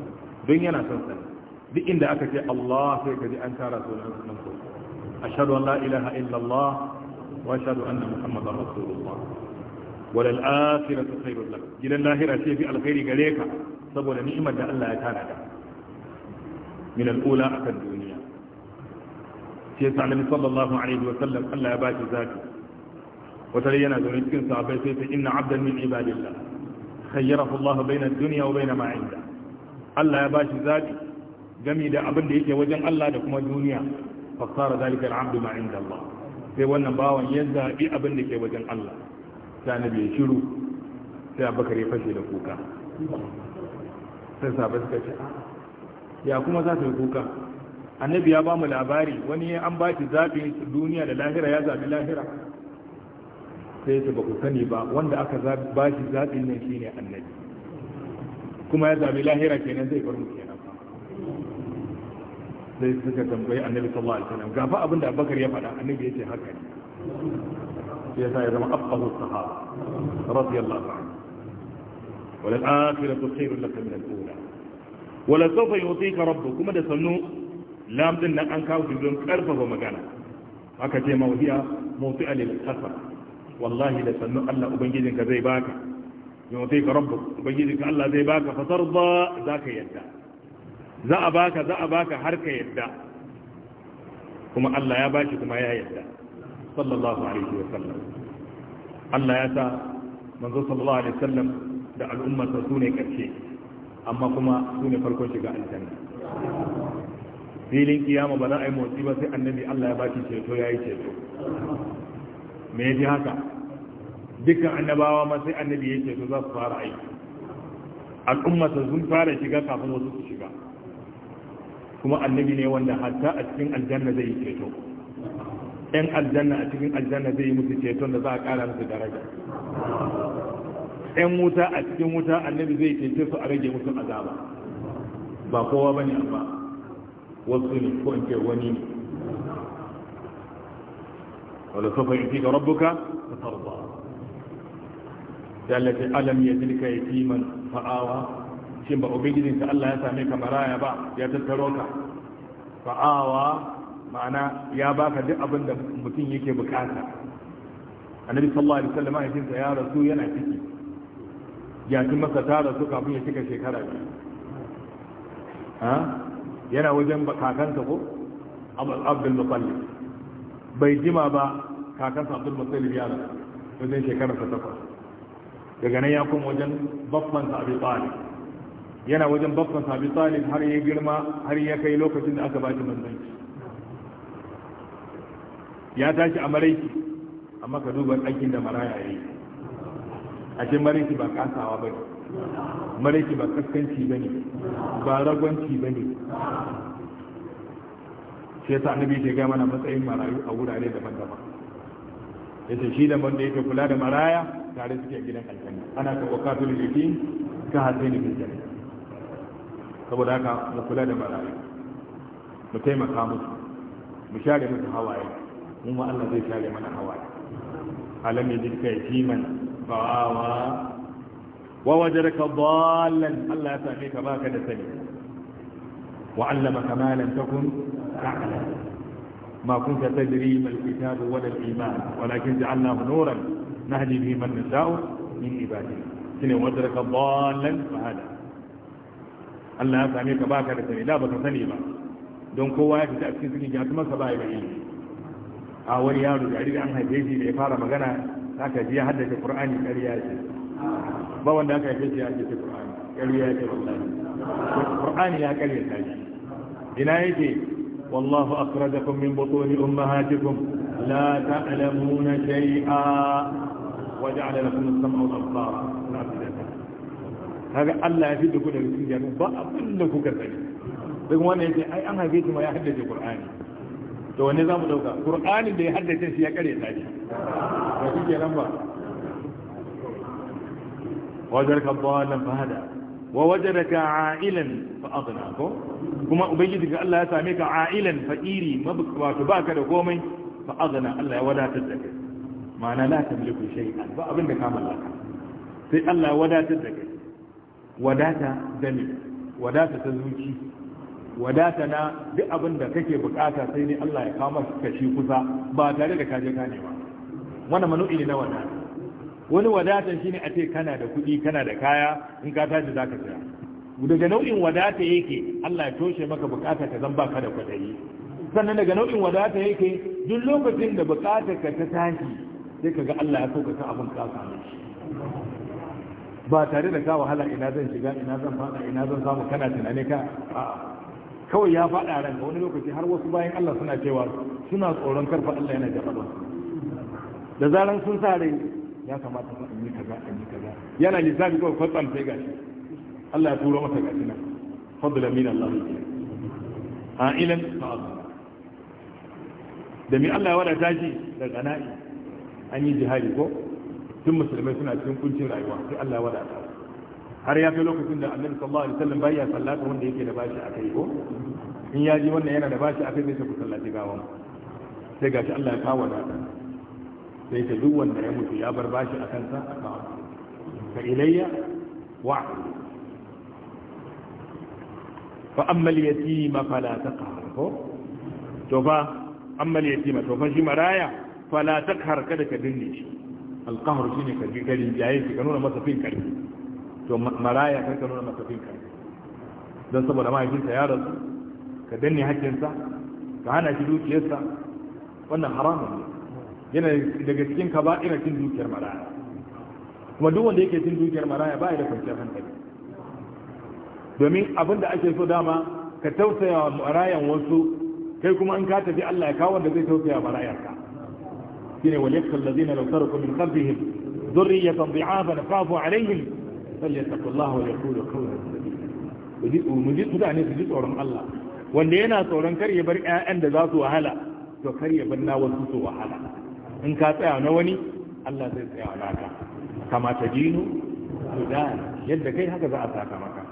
Speaker 1: don yana son sa duk inda aka ce Allah sai ka ji an tara sunan sunan أشهد أن لا إله إلا الله وأشهد أن محمد رسول الله وللآخرة خير لك إلى الله رأسي في الخير قليك سبول نعمة الله يتانا من الأولى أتى الدنيا شيء تعلم صلى الله عليه وسلم ألا يباك ذاته وتلينا دون كن صحابي إن عبدا من عباد الله خيره الله بين الدنيا وبين ما عنده Allah ya bashi zaɓi game da abin da yake wajen Allah da kuma duniya fasara zalika al'abdu ma inda Allah sai wannan bawan ya zabi abin da ke wajen Allah sai annabi ya shiru sai Abakar ya fashe da kuka
Speaker 3: sai sahabbai suka ce
Speaker 1: ya kuma za ta yi kuka annabi ya ba mu labari wani an ba shi zaɓin duniya da lahira ya zaɓi lahira sai ce ba ku sani ba wanda aka ba shi zaɓin nan shine annabi kuma ya zaɓi lahira kenan zai bar mu kenan sai suka tambayi annabi sallallahu alaihi wasallam gafa abin da abubakar ya faɗa annabi yace haka ne ya sa ya zama afqahu sahaba radiyallahu anhu wal akhiratu khairun laka min al ula wala sawfa yutika rabbuk kuma da sannu lam din nan an kawo shi don karfafa magana aka ce mawdi'a mawdi'a lil hasab wallahi da sannu Allah ubangijinka zai baka yutika rabbuk ubangijinka Allah zai baka fatarda zaka yadda za a baka za a baka har ka yadda kuma Allah ya bashi kuma ya yadda sallallahu alaihi wa sallam Allah ya sa manzo sallallahu alaihi wa sallam da al'ummar sa sune karshe amma kuma sune farkon shiga aljanna filin kiyama ba za a yi motsi ba sai annabi Allah ya baki ceto ya yi ceto me ya ji haka dukkan annabawa ma sai annabi ya ceto za su fara aiki al'ummata sun fara shiga kafin wasu su shiga kuma annabi ne wanda hatta a cikin aljanna zai yi ceto yan aljanna a cikin aljanna zai yi musu ceton da za a kara musu daraja yan wuta a cikin wuta annabi zai cece su a rage musu azaba ba kowa ba ne amma wasu ne ko in ce wani ne wala sofa yi ga rabbuka ta tarba da alaƙi alam ya zilka yatiman fa'awa shin ba ubangijin ka Allah ya same ka maraya ba ya tattaro ka fa'awa ma'ana ya baka duk abin da mutum yake bukata annabi sallallahu alaihi wasallam ya ya rasu yana ciki ya ci masa ta rasu kafin ya cika shekara biyu yana wajen kakanta ko abdul mutallib bai jima ba kakansa abdul mutallib ya rasu wajen shekarar ta takwas daga nan ya kuma wajen babbansa abi talib yana wajen babban sabi talib har ya girma har ya kai lokacin da aka ba shi manzanci ya tashi a maraiki amma ka duba aikin da maraya ya yi a ce maraiki ba kasawa ba ne maraiki ba kaskanci ba ne ba ragwanci ba ne sai ta annabi ke gama na matsayin marayu a wurare daban-daban ya ce shi da wanda yake kula da maraya tare suke gidan aljanna ana ka da jikin ka hasani bil janna saboda haka mu kula da marayu mu taimaka musu mu share musu hawaye mu ma Allah zai share mana hawaye alam ka yatiman fa'awa wa wajadaka dallan Allah ya same ka baka da sani wa 'allamaka ma lam takun ta'lam ما كنت تدري ما الكتاب ولا الإيمان ولكن جعلناه نورا نهدي به من نشاء من عبادنا سنة ودرك ضالا فهذا Allah ya same ka baka da sani da baka sani ba don kowa ya fita a cikin cikin ya kuma sa bai bai a wani yaro jariri an haife shi da ya fara magana aka ji ya haddace Qur'ani ƙarya ce ba wanda aka haife shi ya haddace Qur'ani ƙarya ce wallahi Qur'ani ya ƙarya ta shi ina yake wallahu akhrajakum min butuni ummahatikum la ta'lamuna shay'a waja'ala lakum as-sam'a wal-absara kaga Allah ya fidda ku da cikin jami'a ba abin da kuka sani sai kuma wannan yace ai an haife shi ma ya haddace Qur'ani to wanne zamu dauka Qur'ani da ya haddace shi ya kare ta shi ba kike nan ba wajarka dalan hada. wa wajadaka a'ilan fa aghna ko kuma ubangiji ga Allah ya same ka a'ilan fa'iri wato baka da komai fa aghna Allah ya wadatar da kai ma'ana la tamliku shay'an ba abin da ka mallaka sai Allah ya wadatar da kai wadata dami wadata ta zuci wadata na duk abin da kake bukata sai ne Allah ya kama ka shi kusa ba tare da kaje kane ba wannan manu'i ne na wadata wani wadatan shine a ce kana da kuɗi kana da kaya in ka tashi zaka tsaya daga nau'in wadata yake Allah ya toshe maka bukata ka zan baka da kuɗi, sannan daga nau'in wadata yake duk lokacin da bukata ka ta tashi sai kaga Allah ya sauka ka abin ka samu shi ba tare da ka wahala ina zan shiga ina zan fada ina zan samu kana tunani ka kawai ya fada ran wani lokaci har wasu bayan Allah suna cewa suna tsoron karfa Allah yana jarraba da zaran sun sa rai ya kamata su yi kaza an yi kaza yana lissafi kawai kwatsam sai gashi Allah ya turo masa gashi nan fadla min Allah a ilan da mi Allah ya wadata shi da qana'i an yi jihadi ko duk musulmai suna cikin kuncin rayuwa sai Allah ya wadata har ya kai lokacin da annabi sallallahu alaihi wasallam bai sallata wanda yake da bashi akai ko in ya ji wannan yana da bashi akai zai ku sallaci gawan sai gashi Allah ya kawo wadata sai ta duk wanda ya mutu ya bar bashi a kansa a kawo fa ilayya wa fa amma al-yatima fala taqhar ko to fa amma al-yatima to fa shi maraya fala taqhar kada ka dinne shi alqahru shine ka gari jaye ka nuna masa fin karfi to maraya kar ka nuna masa fin karfi don saboda mahaifinsa ya rasu ka danne hakkinsa ka hana shi dukiyarsa wannan haramun ne yana daga cikin ka ba ina cin dukiyar maraya kuma duk wanda yake cin dukiyar maraya ba ya da kwanciyar hankali domin abin da ake so dama ka tausaya wa marayan wasu kai kuma in ka tafi Allah ya kawo wanda zai tausaya marayan ka shine wal yakfal ladina law taraku min qablihim dhurriyatan dha'afan khafu alaihim falyattaqullaha wa yaqulu qawlan sadida mu ji mutane su ji tsoron Allah wanda yana tsoron kar ya bar ƴaƴan da za su wahala to kar ya bar na wasu su wahala in ka tsaya na wani Allah zai tsaya na ka kama ta dinu sudan yadda kai haka za a saka maka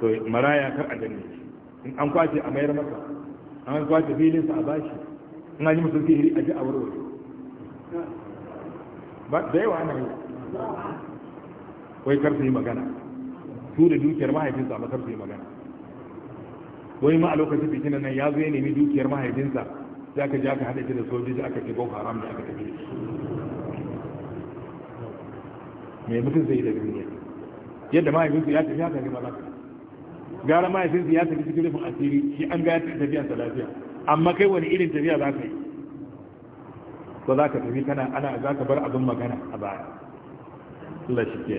Speaker 1: to maraya kar a danne in an kwace a mayar maka an kwace filinsa a bashi na ji mutum sihiri a ji a warware ba da yawa ana yi wai kar su yi magana su da dukiyar mahaifinsa ba kar su yi magana wai ma a lokacin bikin nan ya zo ya nemi dukiyar mahaifinsa sai aka ja ka haɗa shi da sojoji aka ce boko haram da aka tafi me mutum zai yi da duniya yadda mahaifinsu ya tafi haka ne malaka gara mahaifinsu ya tafi cikin rufin asiri shi an ga ya tafi tafiyansa lafiya amma kai wani irin tafiya za ka yi ba za ka tafi kana ana za ka bar abin magana a baya Allah shi ke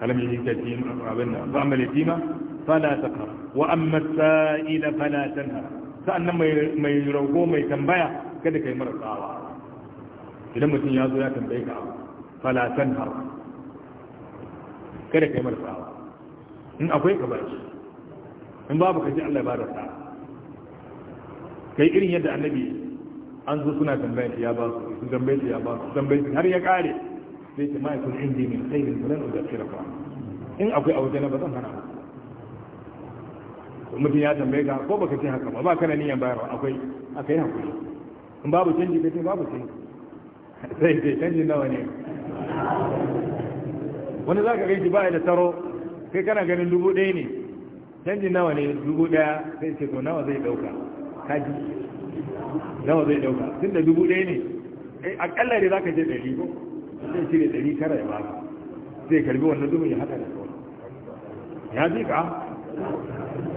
Speaker 1: kalam yi ta ji abin da ba amma yatima fala taqra wa amma sa'ila fala tanha sa'annan mai mai rago mai tambaya kada kai mara tsawa idan mutum ya zo ya tambaye ka abu fala tanha kada kai mara tsawa in akwai ka bashi in babu ka ji Allah ba da sa'a kai irin yadda annabi an zo suna tambayar ya ba su su tambayar ya ba su tambayar har ya kare sai ce ma'aikun indi min khairin da tsira ba in akwai aure na ba zan hana ba mutum ya tambaye ka ko baka ce haka ba ba kana niyan bayarwa akwai akai hakuri in babu canji kai sai babu canji sai sai canji nawa ne wani zaka gaji ba da taro kai kana ganin dubu ɗaya ne canji nawa ne dubu ɗaya sai ce to nawa zai ɗauka kaji nawa zai dauka tun da dubu ɗaya ne eh, ƙalla ne za ka je ɗari ko zai cire ɗari tara ya baka sai karbi wannan dubu ya haka da kawai
Speaker 3: ya zika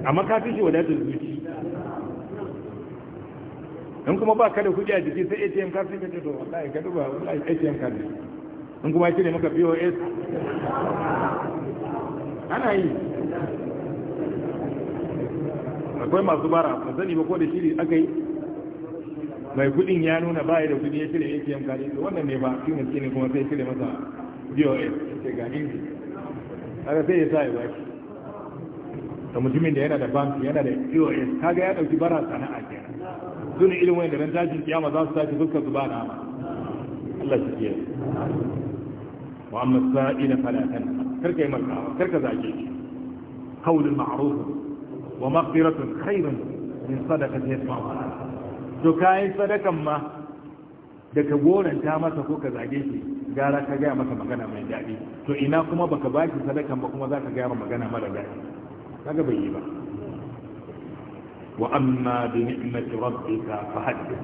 Speaker 3: amma ka fi shi wadatar zuci
Speaker 1: in kuma ba ka da kuɗi a jiki sai atm ka sun ka to wallahi ka duba wallahi atm card in kuma ya cire maka pos ana yi akwai masu bara ba sani ba ko da shiri aka yi mai kudin ya nuna baya da kudi ya shirya atm kare to wannan ne ba shi mutum ne kuma sai shirya masa dos sai ga inji haka sai ya sa ya bashi da mutumin da yana da banki yana da dos kaga ya dauki bara sana'a kenan su ne irin wani da ran tashin kiyama za su tashi fuskar su ba na Allah shi ke wa amma sa'ila fala tanha karka yi markawa karka zage shi qaulul ma'arufin. wa maghfiratun khairun min sadaqati yasma'u to kai sadakan ma daga goranta masa ko ka zage shi gara ka gaya masa magana mai daɗi to ina kuma baka ba shi sadakan ba kuma za ka gaya magana mara daɗi kaga bai yi ba wa amma bi ni'mati rabbika fa haddith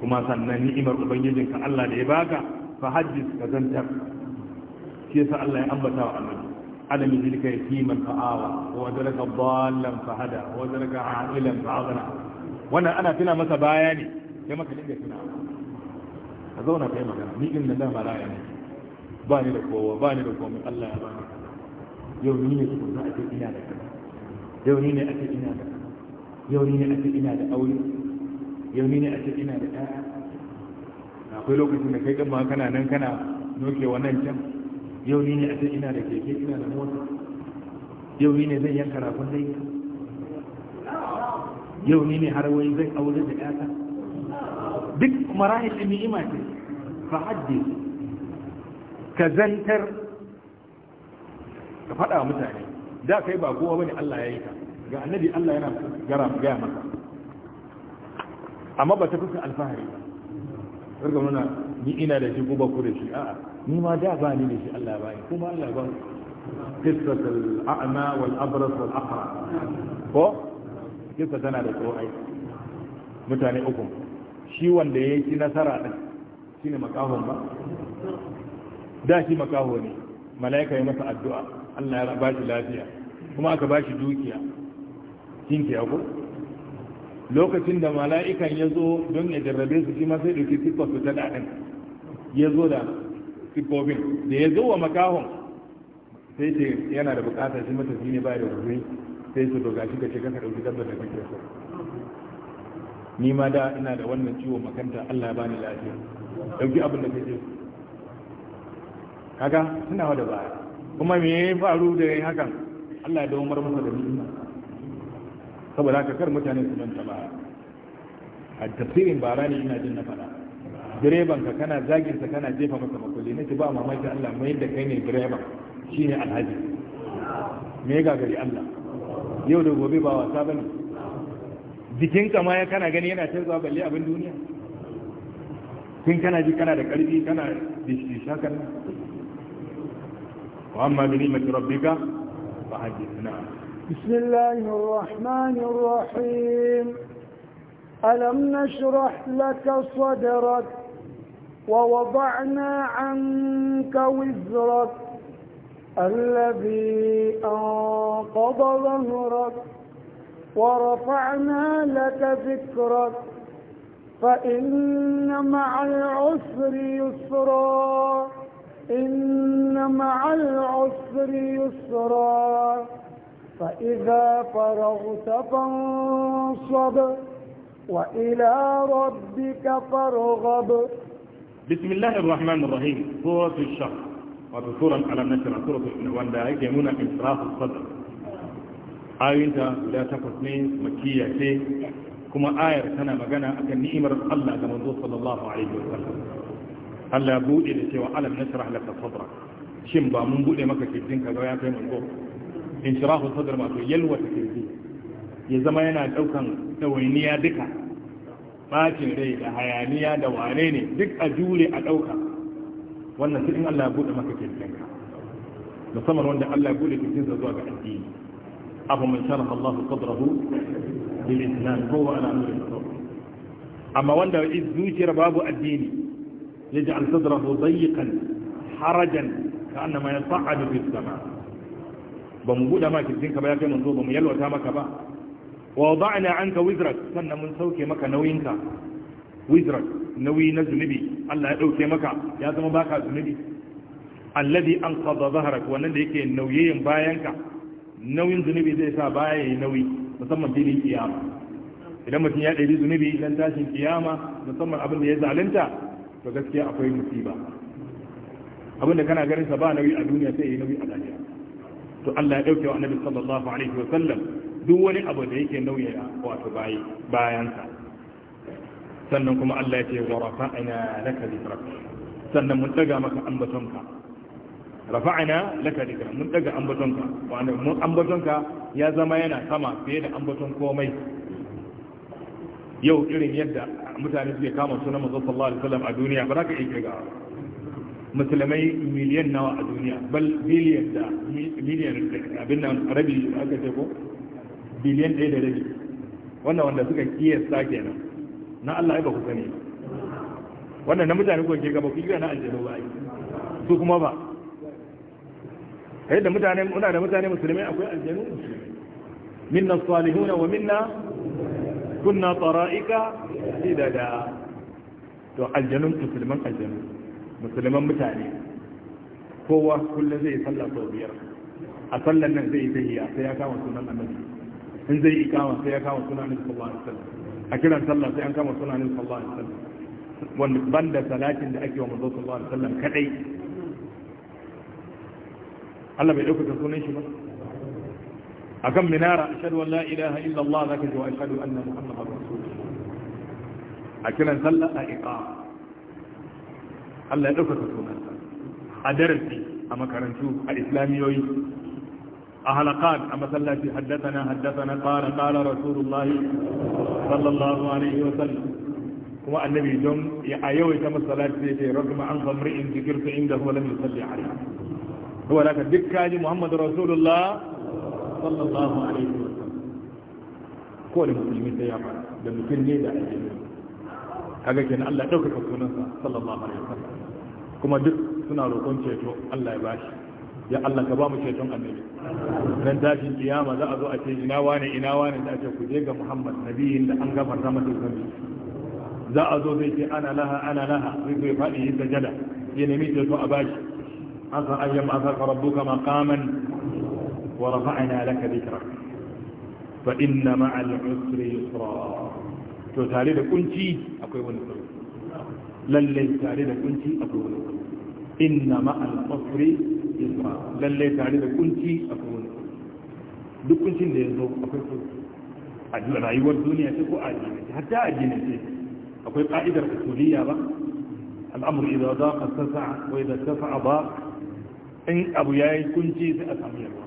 Speaker 1: kuma sannan ni'imar ubangijinka Allah da ya baka fa haddith ka zantar shi yasa Allah ya ambata wa annabi adam zirka ya fi man fa'awa wa zarka ballan fahada wa zarka ha'ilan fa'azana wannan ana tuna masa baya ne sai maka dinga tuna ka zauna ka magana ni ina da ma ra'ayi ba ni da kowa ba ni da komai Allah ya bani yau ni ne suka za a ce ina da kana yau ni ne ake ina da kana yau ni ne ake ina da aure yau ni ne ake ina da ɗaya akwai lokacin da kai kan ma kana nan kana noke wannan can yau ni ne a ce ina da keke ina da mota yau ni ne zai yanka ragon dai yau ni ne har wai zai aure da ƴata duk marahil ɗin ni'ima ce fa haddi ka zantar ka faɗa mutane da kai ba kowa bane Allah ya yi ka ga annabi Allah yana gara gaya maka amma ba ta fuskar alfahari ba karka muna ni ina da shi ko ba ku da shi a'a ni ma da ba ni da shi Allah ba ni kuma Allah ba wal الأعمى wal والأقرع ko kisa tana da tsoro ai mutane uku shi wanda ya ci nasara din shi ne makahon ba da shi makaho ne mala'ika ya masa addu'a Allah ya ba shi lafiya kuma aka ba shi dukiya kinkiya ko lokacin da mala'ikan ya zo don ya jarrabe su kima ma sai ɗauki siffar su ta daɗin ya zo da siffobin da ya zo wa makahon sai ce yana da bukatar shi matafi ne ba da wuri sai su doga shi ka ce kasa ɗauki dabbar da kake so ni ma da ina da wannan ciwo makanta Allah ba ni lafiya
Speaker 3: ɗauki abin da kake
Speaker 1: so kaga suna wada baya kuma me ya faru da hakan Allah ya umar masa da ni'ima saboda haka kar mutane su manta ba a tafsirin bara ne ina jin na fada direban ka kana zagin sa kana jefa masa makulli nace ba mamaki Allah mai da kai ne direban shine alhaji me ga gari Allah yau da gobe ba wasa bane jikin ka ma ya kana gani yana tarzuwa balle abin duniya kin kana ji kana da karfi kana da shi shakan wa amma bi ni'mati rabbika fa hadithna
Speaker 2: بسم الله الرحمن الرحيم ألم نشرح لك صدرك ووضعنا عنك وزرك الذي أنقض ظهرك ورفعنا لك ذكرك فإن مع العسر يسرا إن مع العسر يسرا فإذا فرغت فانصب وإلى ربك فارغب
Speaker 1: بسم الله الرحمن الرحيم سورة الشهر وسورة على نشر سورة وأن يجمعون إنصراف الصدر آية لا تقصني مكية كما آية سنة مغانا أكن نعمة الله كما صلى الله عليه وسلم Allah ya buɗe da cewa alam nasrah laka sadrak shin ba mun buɗe maka kirjinka ga ya inshirahu sadar yalwa ta kirji ya zama yana daukan dawainiya duka ɓacin rai da hayaniya da wane ne duk a jure a dauka wannan sai in Allah ya buɗe maka kirjinka musamman wanda Allah ya buɗe kirjinsa zuwa ga addini abu man sharaha Allah sadrahu lil islam ko wa ala amri amma wanda zuciyar babu addini yaj'al sadrahu dayyqan harajan ka'annama yas'adu fis sama' ba mu buɗe ma kirjinka ba ya kai manzo ba mu yalwata maka ba wa wada'na anka wizrak sannan mun sauke maka nauyinka wizrak nauyi na zunubi Allah ya dauke maka ya zama baka zunubi alladhi anqadha dhahrak wannan da yake nauyin bayanka nauyin zunubi zai sa baya yi nauyi musamman filin kiyama idan mutum ya ɗari zunubi idan tashin kiyama musamman abin da ya zalunta to gaskiya akwai musiba abin da kana ganin sa ba nauyi a duniya sai yayi nauyi a lahira to Allah ya dauke wa annabi sallallahu alaihi wa sallam duk wani abu da yake nauya wato bayi bayansa sannan kuma Allah ya ce wa rafa'na laka dhikrak sannan mun daga maka ambatonka rafa'na laka dhikrak mun daga ambatonka wanda mun ambatonka ya zama yana sama fiye da ambaton komai yau irin yadda mutane suke kama sunan manzon sallallahu alaihi wasallam a duniya ba za ka iya kirgawa musulmai miliyan nawa a duniya bal biliyan da miliyan abin nan rabi aka ce ko biliyan ɗaya da rabi wannan wanda suka kiyasta kenan na Allah ba ku sani wannan na mutane ko ke gaba ku yi na aljanu ba su kuma ba kai da mutane muna da mutane musulmai akwai aljanu minna salihuna wa minna kunna tara'ika idada to aljanun musulman aljanu musulman mutane kowa kullum zai salla sau biyar a sallan nan zai yi tahiyya sai ya kama sunan annabi in zai ikama sai ya kama sunan annabi sallallahu alaihi wasallam a kiran sallah sai an kama sunan annabi sallallahu alaihi wasallam wanda banda salatin da ake wa manzo sallallahu alaihi wasallam kadai Allah bai dauka sunan shi ba akan minara ashhadu an la ilaha illa Allah zaka ji wa ashhadu anna muhammadar rasulullah a kiran sallah a iqama Allah ya ɗaukaka sunansa a darasi a makarantu a islamiyoyi a halakat a masallaci haddatana haddatana qala qala rasulullahi sallallahu alaihi wa sallam kuma annabi don a yawaita masallaci sai ce ragma an famri in zikirtu inda huwa lam yusalli alaihi huwa laka dukka ji muhammad rasulullah sallallahu alaihi wa sallam kowane da musulmi sai ya fara da mutum ne da aljanna kaga kenan Allah ya ɗaukaka sunansa sallallahu alaihi wa sallam kuma duk suna roƙon ceto Allah ya bashi ya Allah ka ba mu ceton annabi nan tashin kiyama za a zo a ce ina wane ina wane da ce ku je ga Muhammad nabiyin da an gafarta masa zunubi za a zo zai ce ana laha ana laha zai zai faɗi yin sajada ya nemi ceto a bashi asa ayyam asa rabbuka maqaman wa rafa'na laka dhikra fa inna ma'al usri yusra to tare da kunci akwai wani tsaro lallai tare da kunci akwai wani tsaro inna ma'al usri yusra lalle tare da kunci akwai wani duk kuncin da zo akwai ko a rayuwar duniya ce ko a har hatta addini ne. akwai ka'idar usuliyya ba al'amru idza daqa tasa'a wa idza tasa'a ba in abu yayi kunci sai a samu yarwa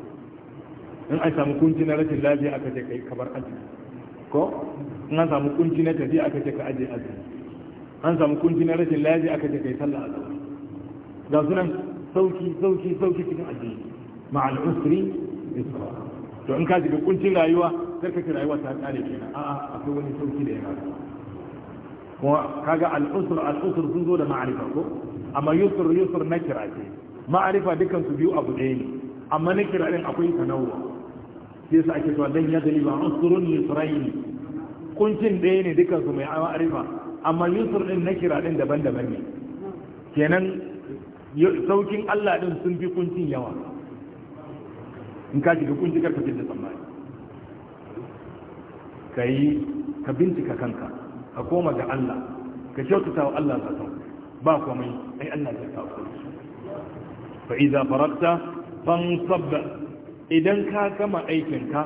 Speaker 1: in an samu kunci na rashin lafiya aka ce kai kabar aji ko in an samu kunci na tafiya aka ce ka aje aji an samu kunci na rashin lafiya aka ce kai sallah azumi ga sunan sauki sauki sauki cikin addini ma'al usri yusra to in ka shiga kuncin rayuwa sai ka rayuwa ta kare kenan a'a akwai wani sauki da yana kuma kaga al-usr sun zo da ma'arifa ko amma yusr yusr nakira ce ma'arifa dukan su biyu abu ɗaya ne amma nakira din akwai tanawwa sai su ake cewa dan ya daliba usrun yusrayn kuncin ɗaya ne dukan su mai ma'arifa amma yusr din nakira din daban-daban ne kenan saukin Allah din sun fi kuncin yawa in ka shiga kunci karka da tsammani ka yi ka bincika kanka ka koma ga Allah ka kyautata wa Allah ka san ba mai ai Allah ya kawo fa idza fan fansab idan ka gama aikin ka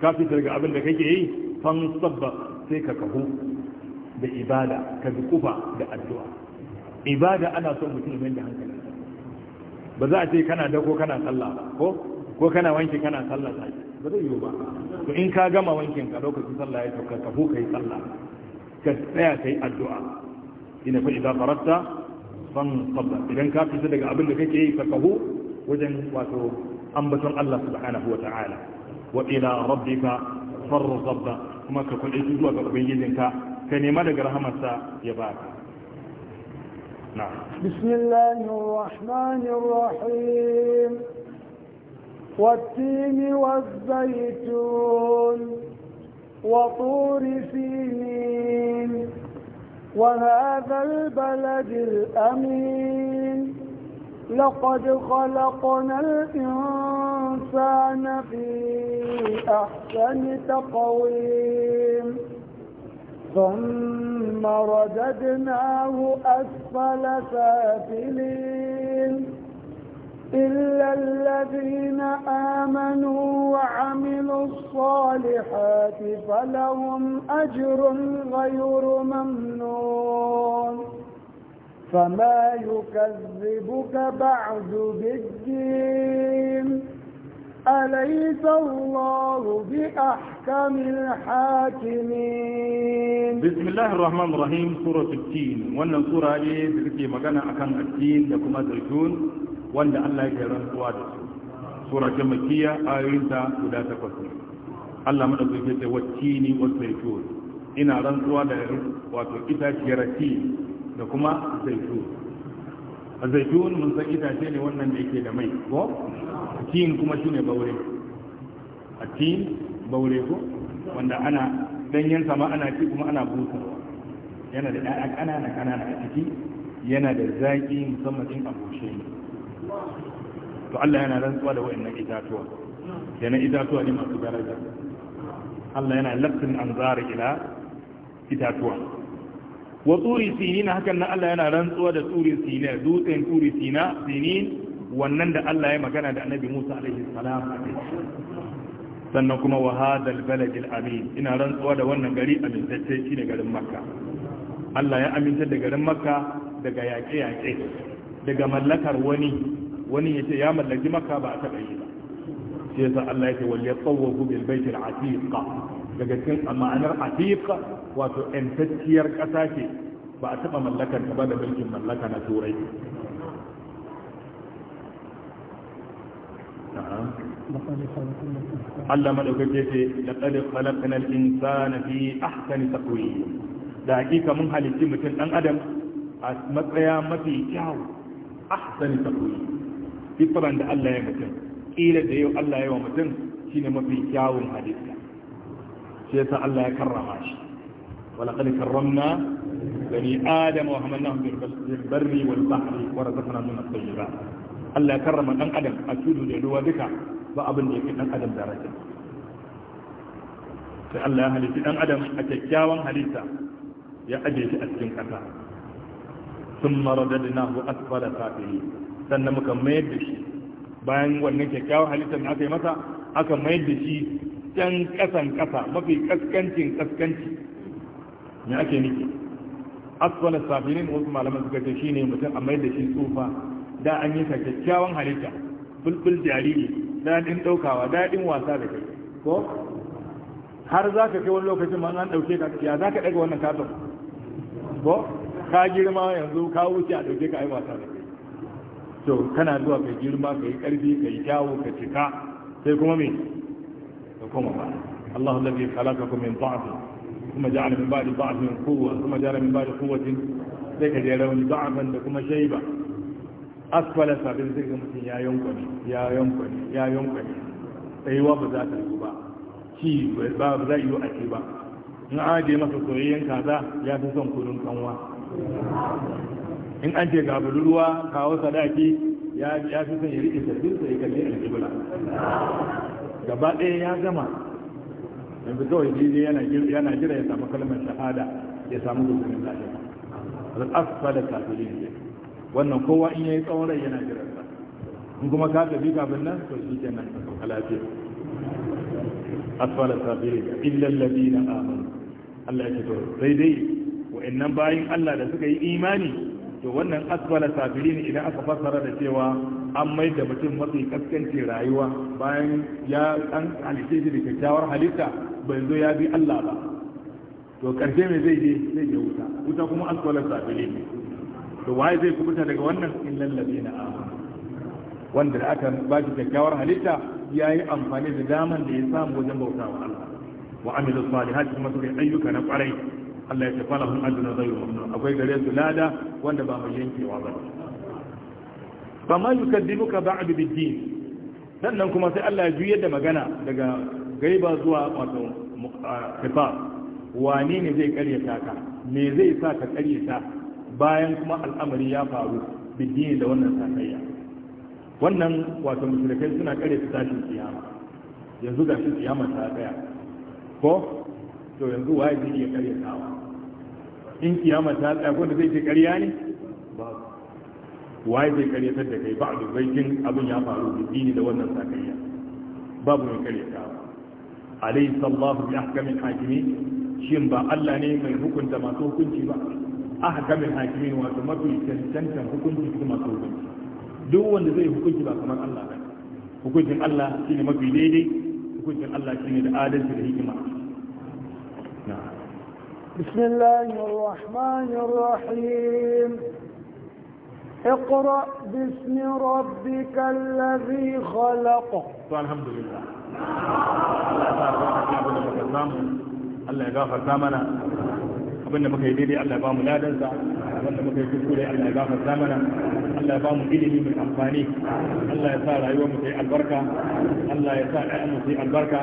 Speaker 1: ka fitar ga abin da kake yi fansab sai ka kahu da ibada ka bi kufa da addu'a ibada ana son mutum mai da hankali ba za a ce kana dako kana sallah ko ko kana wanki kana sallah sai ba zai yiwu ba to in ka gama wankin ka lokacin sallah ya sauka ka huka yi sallah ka tsaya kai addu'a ina fa idan faratta san sabba idan ka fita daga abin da kake yi ka kahu wajen wato ambaton Allah subhanahu wata'ala wa ila rabbika farghab kuma ka kudi zuwa ga ubangijinka ka nema daga rahamarsa ya baka
Speaker 2: نعم. بسم الله الرحمن الرحيم والتين والزيتون وطور سينين وهذا البلد الأمين لقد خلقنا الإنسان في أحسن تقويم ثم رددناه أسفل سافلين إلا الذين آمنوا وعملوا الصالحات فلهم أجر غير ممنون فما يكذبك بعد بالدين أليس الله بأحكم الحاكمين بسم الله
Speaker 1: الرحمن الرحيم سورة التين وانا سورة ايه بكتي مغانا اكان التين لكما زيتون وانا الله يجران سواده سورة مكية آيين تا ودا تقصني الله من أزيكي والتين والزيتون انا rantsuwa da wato itaciyar tin da kuma zaitun mun san itace ne wannan da yake da mai ko tin kuma shine baure a tin baure ko wanda ana danyen sama ana ci kuma ana busa yana da ɗaya ƙanana ƙanana a ciki yana da zaƙi musamman in a bushe ne to Allah yana rantsuwa da wa'annan itatuwa yana itatuwa ne masu daraja Allah yana lafsin zara ila itatuwa wa turi sinina hakan nan Allah yana rantsuwa da turi sinina dutsen turi sina sinin wannan da Allah ya magana da annabi Musa alaihi salam sannan kuma wa hadal baladil amin ina rantsuwa da wannan gari amintacce shi ne garin makka Allah ya aminta da garin makka daga yaƙe-yaƙe daga mallakar wani wani ya ce ya mallaki makka ba a taɓa yi ba sai yasa Allah ya ce wal yatawwafu bil baitil atiq daga cikin ma'anar atiq wato ‘yantacciyar ƙasa ce ba a taɓa mallakar ta ba da mulkin mallaka na turai
Speaker 3: Allah maɗaukake ce da tsari
Speaker 1: falakanar insana fi ahsani taƙoyi da hakika mun halitti mutum ɗan adam a matsaya mafi kyawu ahsani taƙoyi fitran da Allah ya mutum ƙila da yau Allah ya wa mutum shine mafi kyawun halitta sai yasa Allah ya karrama shi ولقد كرمنا بني آدم وحملناهم في البر والبحر ورزقنا من الطيبات Allah ya karrama dan adam a tudu da ruwa ba abin da yake dan adam daraja sai Allah ya halitta dan adam a kyakkyawan halitta ya aje shi a cikin sannan muka mayar da shi bayan wannan kyakkyawan halittar da aka yi masa aka mayar da shi can kasan kasa mafi kaskancin kaskanci me ake nufi asfala safilin wasu malaman suka ce shine mutum a yadda da shi tsufa da an yi ta kyakkyawan halitta bulbul jariri daɗin ɗaukawa daɗin wasa da kai ko har za ka kai wani lokacin ma an ɗauke ka ya za ka ɗaga wannan katon ko ka girma yanzu ka wuce a ɗauke ka ai wasa da kai to kana zuwa ka girma ka yi ƙarfi ka yi kyawu ka cika sai kuma me ka koma ba Allahu ladhi khalaqakum min dha'fin kuma ja'ala min ba'di da'fin quwwa kuma ja'ala min ba'di quwwatin sai ka je rauni da'fan da kuma shaiba. asfala sabin sai ga mutum ya yankwani ya yankwani ya yankwani tsayuwa ba za ta yi ba ci ba za a yi a ci ba in aje masa soyayyen kaza ya fi son kudin kanwa in an ce ga budurwa kawo sadaki ya fi son ya riƙe sabbin sai kalli aljibla gaba ɗaya ya gama yanzu kawai jiji yana jira ya samu kalmar shahada ya samu gudunin a al'asfa da kafirin ne wannan kowa in yayi tsawon yana jira sa in kuma ka tafi kafin nan to shi nan a lafiya asfa da kafirin illa na amanu Allah ya ce to sai dai nan bayan Allah da suka yi imani to wannan asfala safirin idan aka fassara da cewa an mai da mutum mafi kaskancin rayuwa bayan ya kan halitta shi da kyakkyawar halitta bai zo ya bi Allah ba to karshe mai zai je zai je wuta wuta kuma aswalar sabili ne to waye zai kubuta daga wannan illal ladina amanu wanda aka ba shi kyakkyawar halitta ya yi amfani da daman da ya samu wajen bauta wa Allah wa amilu salihati kuma su ayyuka na kwarai Allah ya tafi lahum ajrun ghayru mamnun akwai gare su lada wanda ba mai yankewa ba fa ma yukadibuka ba'd bid-din sannan kuma sai Allah ya juyar da magana daga gaiba zuwa wato kifa wane ne zai karyata ka me zai sa ka karyata bayan kuma al'amari ya faru bidini da wannan sakayya wannan wato mushrikai suna karyata tashin kiyama yanzu ga shi kiyama ta tsaya ko to yanzu waye zai iya karyatawa in kiyama ta tsaya ko da zai ce karya ne ba waye zai karyatar da kai ba a dubbaikin abin ya faru bidini da wannan sakayya babu mai karyatawa alaysa Allahu bi ahkamil hakimin shin ba Allah ne mai hukunta masu hukunci ba ahkamil hakimin wato mafi cancantan hukunci kuma masu hukunci duk wanda zai hukunci ba kamar Allah ba hukuncin Allah shine mafi daidai hukuncin Allah shine da adalci da hikima
Speaker 2: بسم الله الرحمن الرحيم اقرأ باسم ربك الذي خلق الحمد لله
Speaker 3: Allah ya sa albarkacin abin da muka samu
Speaker 1: Allah ya gafarta mana abin da muka yi daidai Allah ya ba mu ladansa abin da muka yi kuskure Allah ya gafarta mana Allah ya ba mu ilimi mai amfani Allah ya sa rayuwar mu ta yi albarka Allah ya sa ɗayan mu ta yi albarka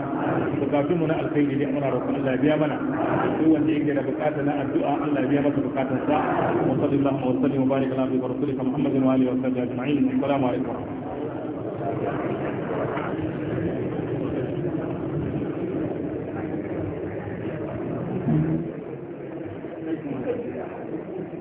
Speaker 1: bukatun mu na alkhairi ne muna roƙon Allah ya biya mana duk wanda yake da bukata na addu'a Allah ya biya masa bukatun sa wa sallallahu wa sallim wa barik ala wa Muhammadin wa alihi wa sahbihi ajma'in assalamu alaikum
Speaker 3: Gracias.